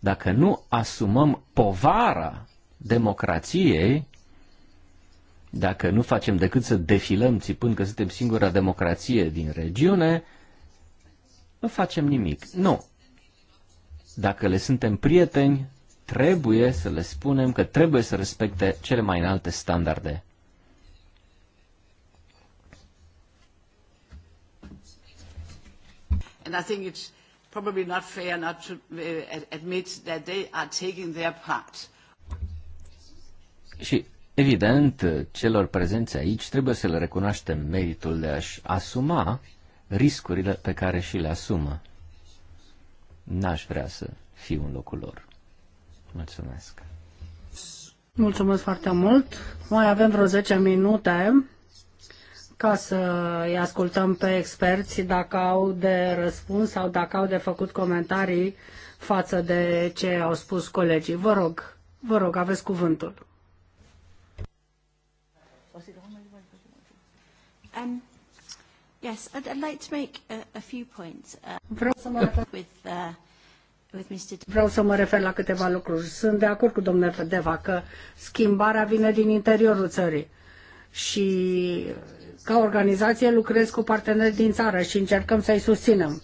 Dacă nu asumăm povara democrației, dacă nu facem decât să defilăm țipând că suntem singura democrație din regiune, nu facem nimic. Nu. Dacă le suntem prieteni, trebuie să le spunem că trebuie să respecte cele mai înalte standarde. And I think it's probably not fair not to uh, admit that they are taking their part. Și Evident, celor prezenți aici trebuie să le recunoaștem meritul de a-și asuma riscurile pe care și le asumă. N-aș vrea să fiu în locul lor. Mulțumesc. Mulțumesc foarte mult. Mai avem vreo 10 minute ca să îi ascultăm pe experți dacă au de răspuns sau dacă au de făcut comentarii față de ce au spus colegii. Vă rog, vă rog, aveți cuvântul. Um, yes, I'd, I'd like to make a, a few points. Uh, Vreau să mă refer with, uh, Vreau să mă refer la câteva lucruri. Sunt de acord cu domnul Fedeva că schimbarea vine din interiorul țării și ca organizație lucrez cu parteneri din țară și încercăm să-i susținem.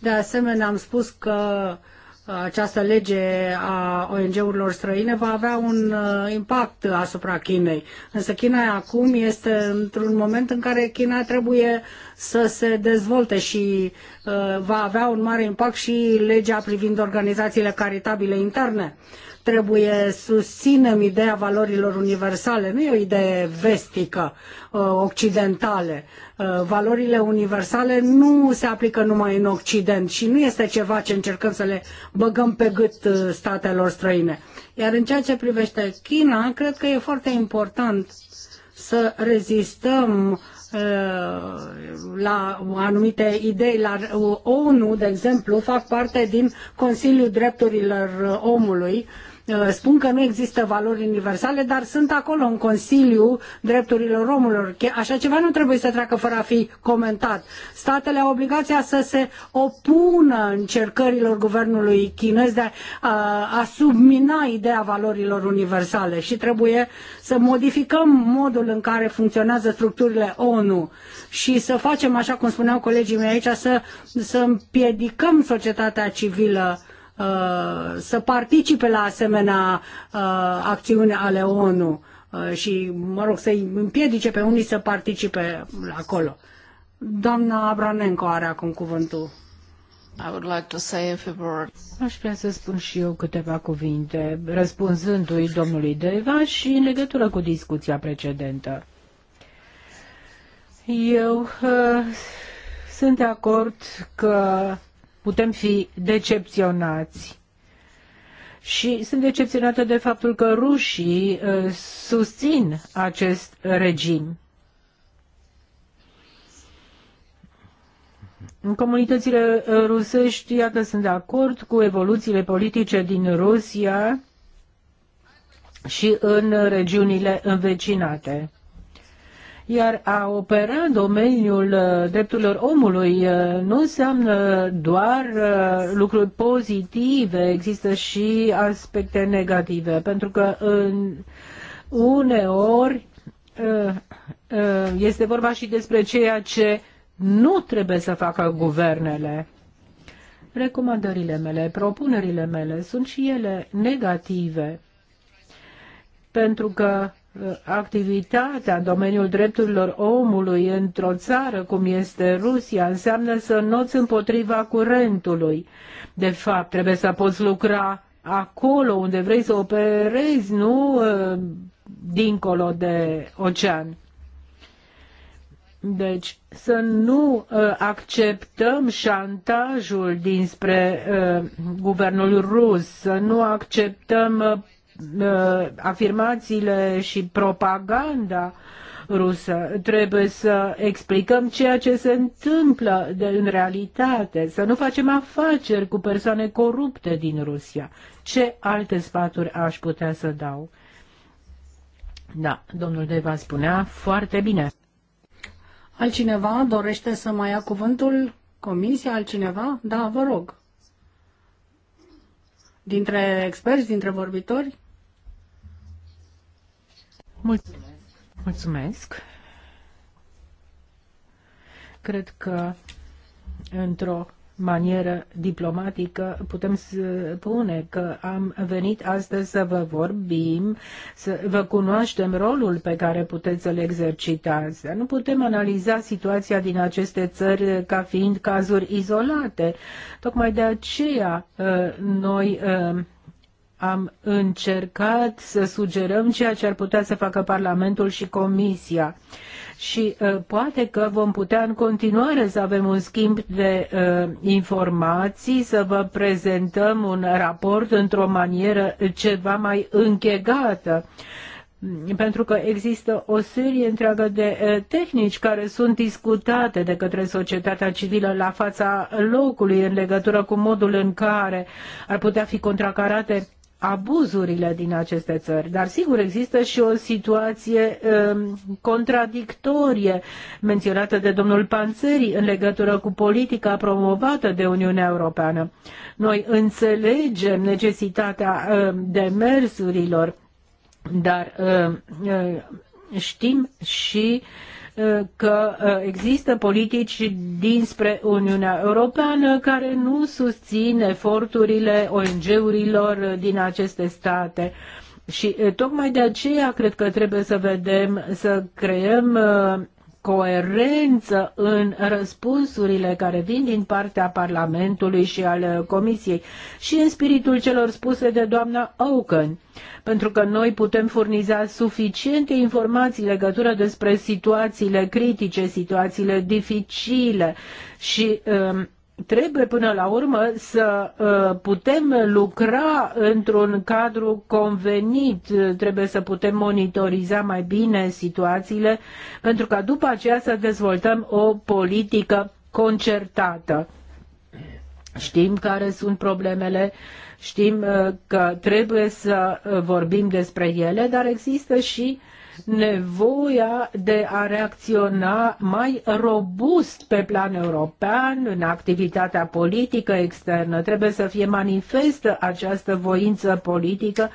De asemenea, am spus că uh, această lege a ONG-urilor străine va avea un uh, impact asupra Chinei. Însă China acum este într-un moment în care China trebuie să se dezvolte și uh, va avea un mare impact și legea privind organizațiile caritabile interne. Trebuie susținem ideea valorilor universale, nu e o idee vestică, uh, occidentale. Uh, valorile universale nu se aplică numai în Occident și nu este ceva ce încercăm să le băgăm pe gât uh, statelor străine. Iar în ceea ce privește China, cred că e foarte important să rezistăm uh, la anumite idei la ONU, de exemplu, fac parte din Consiliul Drepturilor Omului, Uh, spun că nu există valori universale, dar sunt acolo în Consiliu Drepturilor Omului. Așa ceva nu trebuie să treacă fără a fi comentat. Statele au obligația să se opună încercărilor guvernului chinez de a, uh, a submina ideea valorilor universale și trebuie să modificăm modul în care funcționează structurile ONU și să facem, așa cum spuneau colegii mei aici, să, să împiedicăm societatea civilă Uh, să participe la asemenea uh, acțiune ale ONU uh, și, mă rog, să-i împiedice pe unii să participe acolo. Doamna Abranenco are acum cuvântul. I would like to say a few words. Aș vrea să spun și eu câteva cuvinte, răspunzându-i domnului Deva și în legătură cu discuția precedentă. Eu uh, sunt de acord că putem fi decepționați. Și sunt decepționată de faptul că rușii uh, susțin acest regim. Comunitățile uh, rusești, iată, sunt de acord cu evoluțiile politice din Rusia și în regiunile învecinate. Iar a opera în domeniul uh, drepturilor omului uh, nu înseamnă doar uh, lucruri pozitive, există și aspecte negative, pentru că în uneori este vorba și despre ceea ce nu trebuie să facă guvernele. Recomandările mele, propunerile mele sunt și ele negative, pentru că activitatea în domeniul drepturilor omului într-o țară cum este Rusia înseamnă să noți împotriva curentului. De fapt, trebuie să poți lucra acolo unde vrei să operezi, nu ă, dincolo de ocean. Deci să nu ă, acceptăm șantajul dinspre ă, guvernul rus, să nu acceptăm Uh, afirmațiile și propaganda rusă. Trebuie să explicăm ceea ce se întâmplă de, în realitate, să nu facem afaceri cu persoane corupte din Rusia. Ce alte sfaturi aș putea să dau? Da, domnul Deva spunea foarte bine. Altcineva dorește să mai ia cuvântul? Comisia? Altcineva? Da, vă rog. Dintre experți, dintre vorbitori? Mulțumesc. Mulțumesc. Cred că într-o manieră diplomatică putem spune că am venit astăzi să vă vorbim, să vă cunoaștem rolul pe care puteți să-l exercitați. Nu putem analiza situația din aceste țări ca fiind cazuri izolate. Tocmai de aceea uh, noi uh, am încercat să sugerăm ceea ce ar putea să facă Parlamentul și Comisia. Și uh, poate că vom putea în continuare să avem un schimb de uh, informații, să vă prezentăm un raport într-o manieră ceva mai închegată pentru că există o serie întreagă de uh, tehnici care sunt discutate de către societatea civilă la fața locului în legătură cu modul în care ar putea fi contracarate abuzurile din aceste țări. Dar sigur există și o situație uh, contradictorie menționată de domnul Panțeri în legătură cu politica promovată de Uniunea Europeană. Noi înțelegem necesitatea uh, demersurilor, dar uh, știm și uh, că uh, există politici dinspre Uniunea Europeană care nu susțin eforturile ONG-urilor din aceste state. Și uh, tocmai de aceea cred că trebuie să vedem, să creăm uh, coerență în răspunsurile care vin din partea Parlamentului și al Comisiei și în spiritul celor spuse de doamna Oaken, pentru că noi putem furniza suficiente informații legătură despre situațiile critice, situațiile dificile și um, trebuie până la urmă să uh, putem lucra într-un cadru convenit, uh, trebuie să putem monitoriza mai bine situațiile, pentru ca după aceea să dezvoltăm o politică concertată. Știm care sunt problemele, știm uh, că trebuie să vorbim despre ele, dar există și uh, nevoia de a reacționa mai robust pe plan european în activitatea politică externă. Trebuie să fie manifestă această voință politică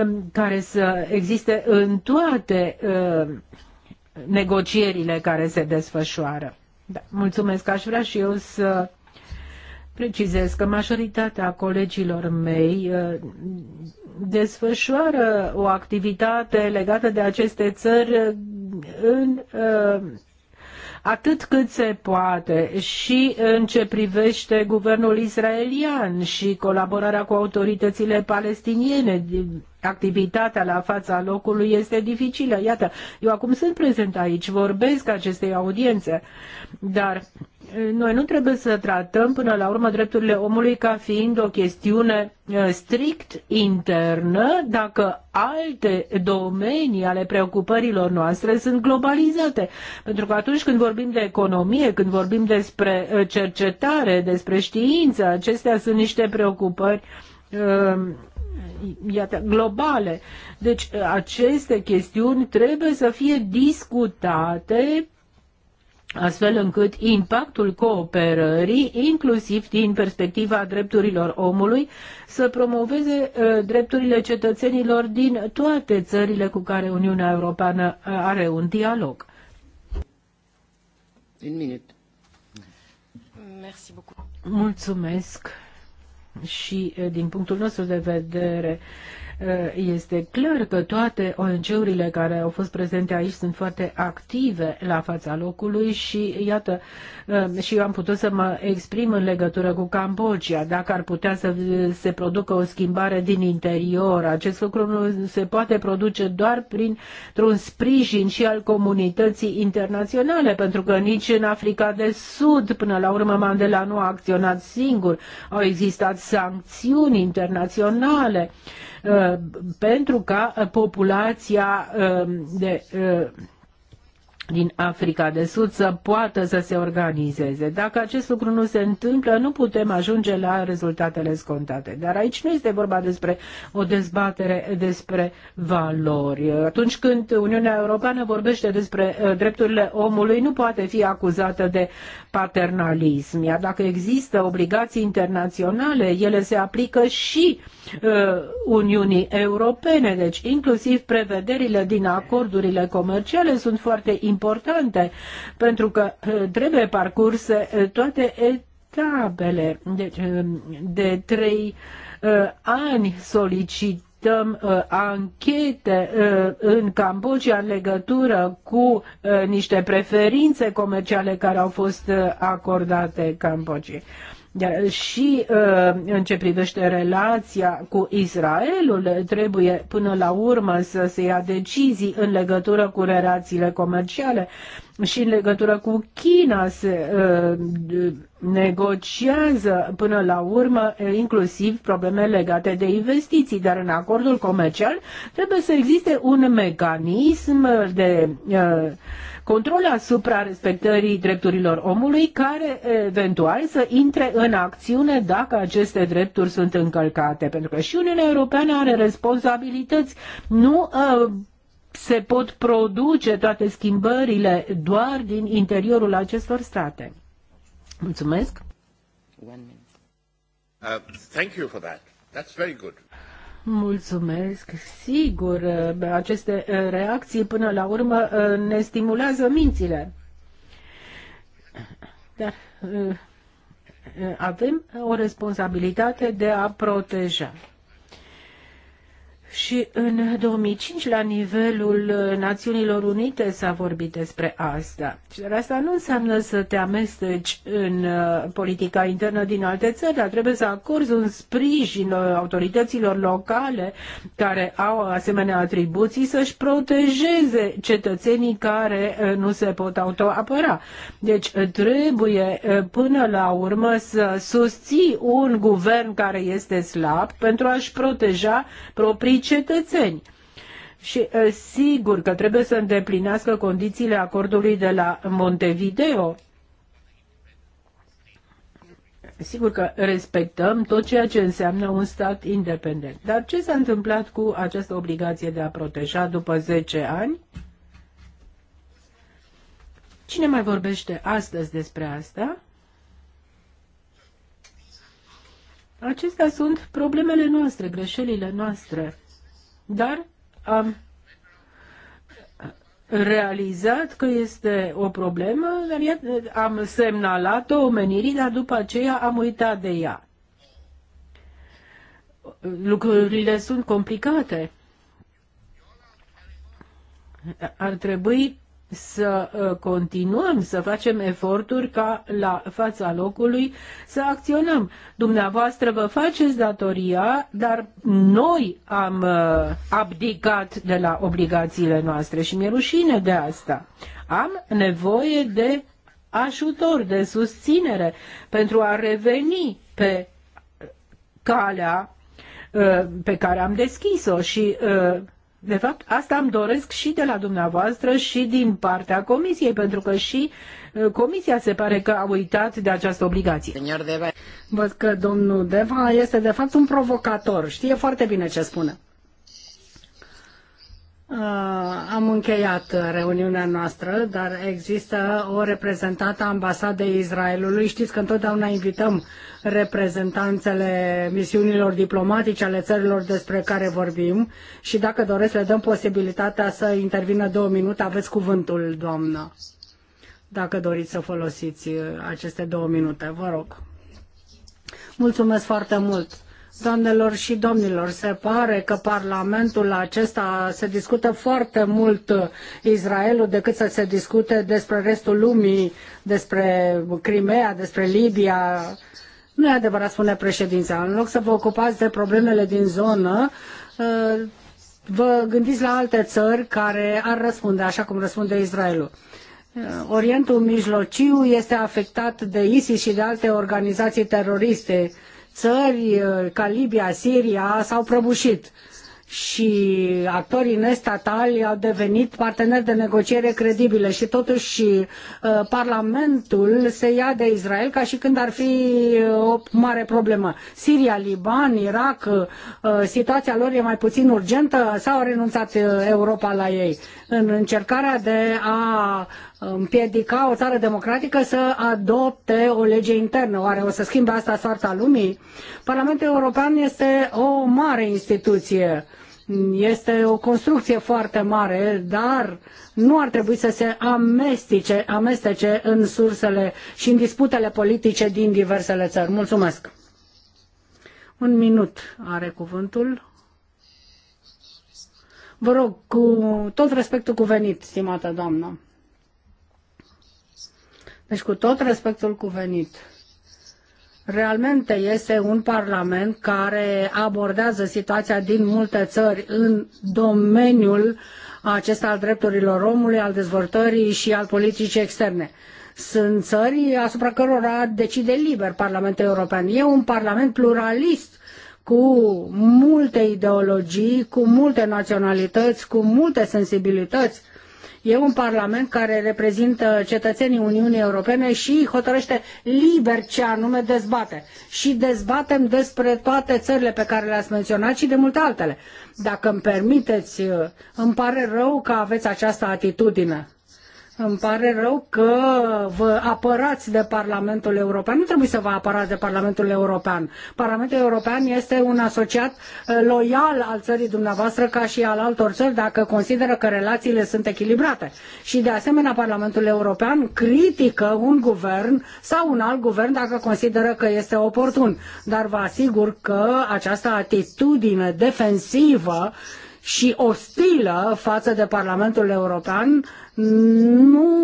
um, care să existe în toate um, negocierile care se desfășoară. Da, mulțumesc, aș vrea și eu să precizez că majoritatea colegilor mei uh, desfășoară o activitate legată de aceste țări în uh, atât cât se poate și în ce privește guvernul israelian și colaborarea cu autoritățile palestiniene activitatea la fața locului este dificilă. Iată, eu acum sunt prezent aici, vorbesc acestei audiențe, dar eh, noi nu trebuie să tratăm până la urmă drepturile omului ca fiind o chestiune eh, strict internă, dacă alte domenii ale preocupărilor noastre sunt globalizate. Pentru că atunci când vorbim de economie, când vorbim despre eh, cercetare, despre știință, acestea sunt niște preocupări iată, globale. Deci aceste chestiuni trebuie să fie discutate astfel încât impactul cooperării, inclusiv din perspectiva drepturilor omului, să promoveze uh, drepturile cetățenilor din toate țările cu care Uniunea Europeană uh, are un dialog. Un minut. Mulțumesc și din punctul nostru de vedere Eh, este clar că toate ONG-urile care au fost prezente aici sunt foarte active la fața locului și iată, eh, și eu am putut să mă exprim în legătură cu Cambodgia. Dacă ar putea să se producă o schimbare din interior, acest lucru nu se poate produce doar printr-un sprijin și al comunității internaționale, pentru că nici în Africa de Sud, până la urmă, Mandela nu a acționat singur. Au existat sancțiuni internaționale. Uh, pentru ca uh, populația uh, de din Africa de Sud să poată să se organizeze. Dacă acest lucru nu se întâmplă, nu putem ajunge la rezultatele scontate. Dar aici nu este vorba despre o dezbatere despre valori. Atunci când Uniunea Europeană vorbește despre uh, drepturile omului, nu poate fi acuzată de paternalism. Iar dacă există obligații internaționale, ele se aplică și uh, Uniunii Europene. Deci, inclusiv prevederile din acordurile comerciale sunt foarte importante importante, pentru că eh, trebuie parcurse eh, toate etapele. Deci, eh, de trei ani solicit solicităm uh, anchete uh, în Cambodgia în legătură cu uh, niște preferințe comerciale care au fost uh, acordate Cambodgiei și uh, în ce privește relația cu Israelul, trebuie până la urmă să se ia decizii în legătură cu relațiile comerciale și în legătură cu China se uh, negociază până la urmă inclusiv probleme legate de investiții, dar în acordul comercial trebuie să existe un mecanism de uh, control asupra respectării drepturilor omului, care eventual să intre în acțiune dacă aceste drepturi sunt încălcate. Pentru că și Uniunea Europeană are responsabilități. Nu uh, se pot produce toate schimbările doar din interiorul acestor state. Mulțumesc! One minute. Uh, thank you for that. That's very good. Mulțumesc. Sigur, aceste uh, reacții până la urmă uh, ne stimulează mințile. Dar uh, avem o responsabilitate de a proteja. Și în 2005, la nivelul Națiunilor Unite, s-a vorbit despre asta. Și dar asta nu înseamnă să te amesteci în uh, politica internă din alte țări, dar trebuie să acorzi un sprijin uh, autorităților locale care au asemenea atribuții să-și protejeze cetățenii care uh, nu se pot autoapăra. Deci trebuie până la urmă să susții un guvern care este slab pentru a-și proteja proprii cetățeni. Și sigur că trebuie să îndeplinească condițiile acordului de la Montevideo. Sigur că respectăm tot ceea ce înseamnă un stat independent. Dar ce s-a întâmplat cu această obligație de a proteja după 10 ani? Cine mai vorbește astăzi despre asta? Acestea sunt problemele noastre, greșelile noastre dar am realizat că este o problemă, dar am semnalat-o omenirii, dar după aceea am uitat de ea. Lucrurile sunt complicate. Ar trebui să uh, continuăm să facem eforturi ca la fața locului să acționăm. Dumneavoastră vă faceți datoria, dar noi am uh, abdicat de la obligațiile noastre și mi-e rușine de asta. Am nevoie de ajutor, de susținere pentru a reveni pe calea uh, pe care am deschis-o și de fapt, asta îmi doresc și de la dumneavoastră și din partea Comisiei, pentru că și uh, Comisia se pare că a uitat de această obligație. Văd că domnul Deva este de fapt un provocator, știe foarte bine ce spune. Uh, am încheiat reuniunea noastră, dar există o reprezentantă a ambasadei Israelului. Știți că întotdeauna invităm reprezentanțele misiunilor diplomatice ale țărilor despre care vorbim și dacă doresc le dăm posibilitatea să intervină două minute, aveți cuvântul, doamnă, dacă doriți să folosiți aceste două minute, vă rog. Mulțumesc foarte mult! Doamnelor și domnilor, se pare că Parlamentul acesta se discută foarte mult Israelul decât să se discute despre restul lumii, despre Crimea, despre Libia. Nu e adevărat, spune președința. În loc să vă ocupați de problemele din zonă, uh, vă gândiți la alte țări care ar răspunde așa cum răspunde Israelul. Uh, Orientul Mijlociu este afectat de ISIS și de alte organizații teroriste țări uh, ca Libia, Siria s-au prăbușit și actorii nestatali au devenit parteneri de negociere credibile și totuși uh, Parlamentul se ia de Israel ca și când ar fi uh, o mare problemă. Siria, Liban, Irak, situația lor e mai puțin urgentă sau a renunțat Europa la ei? În încercarea de a împiedica o țară democratică să adopte o lege internă. Oare o să schimbe asta soarta lumii? Parlamentul European este o mare instituție este o construcție foarte mare, dar nu ar trebui să se amestece, amestece în sursele și în disputele politice din diversele țări. Mulțumesc! Un minut are cuvântul. Vă rog, cu tot respectul cuvenit, stimată doamnă. Deci cu tot respectul cuvenit, realmente este un parlament care abordează situația din multe țări în domeniul acesta al drepturilor omului, al dezvoltării și al politicii externe. Sunt țări asupra cărora decide liber Parlamentul European. E un parlament pluralist cu multe ideologii, cu multe naționalități, cu multe sensibilități E un parlament care reprezintă cetățenii Uniunii Europene și hotărăște liber ce anume dezbate. Și dezbatem despre toate țările pe care le-ați menționat și de multe altele. Dacă îmi permiteți, îmi pare rău că aveți această atitudine îmi pare rău că vă apărați de Parlamentul European. Nu trebuie să vă apărați de Parlamentul European. Parlamentul European este un asociat eh, loial al țării dumneavoastră ca și al altor țări dacă consideră că relațiile sunt echilibrate. Și de asemenea Parlamentul European critică un guvern sau un alt guvern dacă consideră că este oportun. Dar vă asigur că această atitudine defensivă și ostilă față de Parlamentul European nu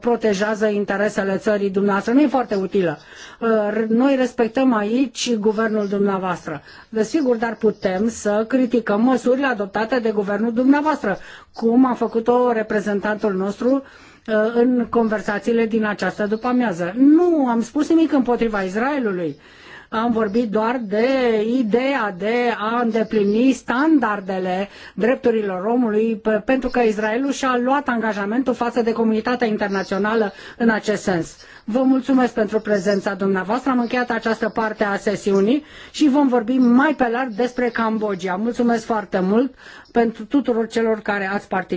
protejează interesele țării dumneavoastră, nu e foarte utilă. Uh, noi respectăm aici guvernul dumneavoastră. Desigur, dar putem să criticăm măsurile adoptate de guvernul dumneavoastră, cum a făcut-o reprezentantul nostru uh, în conversațiile din această după-amiază. Nu am spus nimic împotriva Israelului am vorbit doar de ideea de a îndeplini standardele drepturilor omului, pentru că Israelul și-a luat angajamentul față de comunitatea internațională în acest sens. Vă mulțumesc pentru prezența dumneavoastră, am încheiat această parte a sesiunii și vom vorbi mai pe larg despre Cambodgia. Mulțumesc foarte mult pentru tuturor celor care ați participat.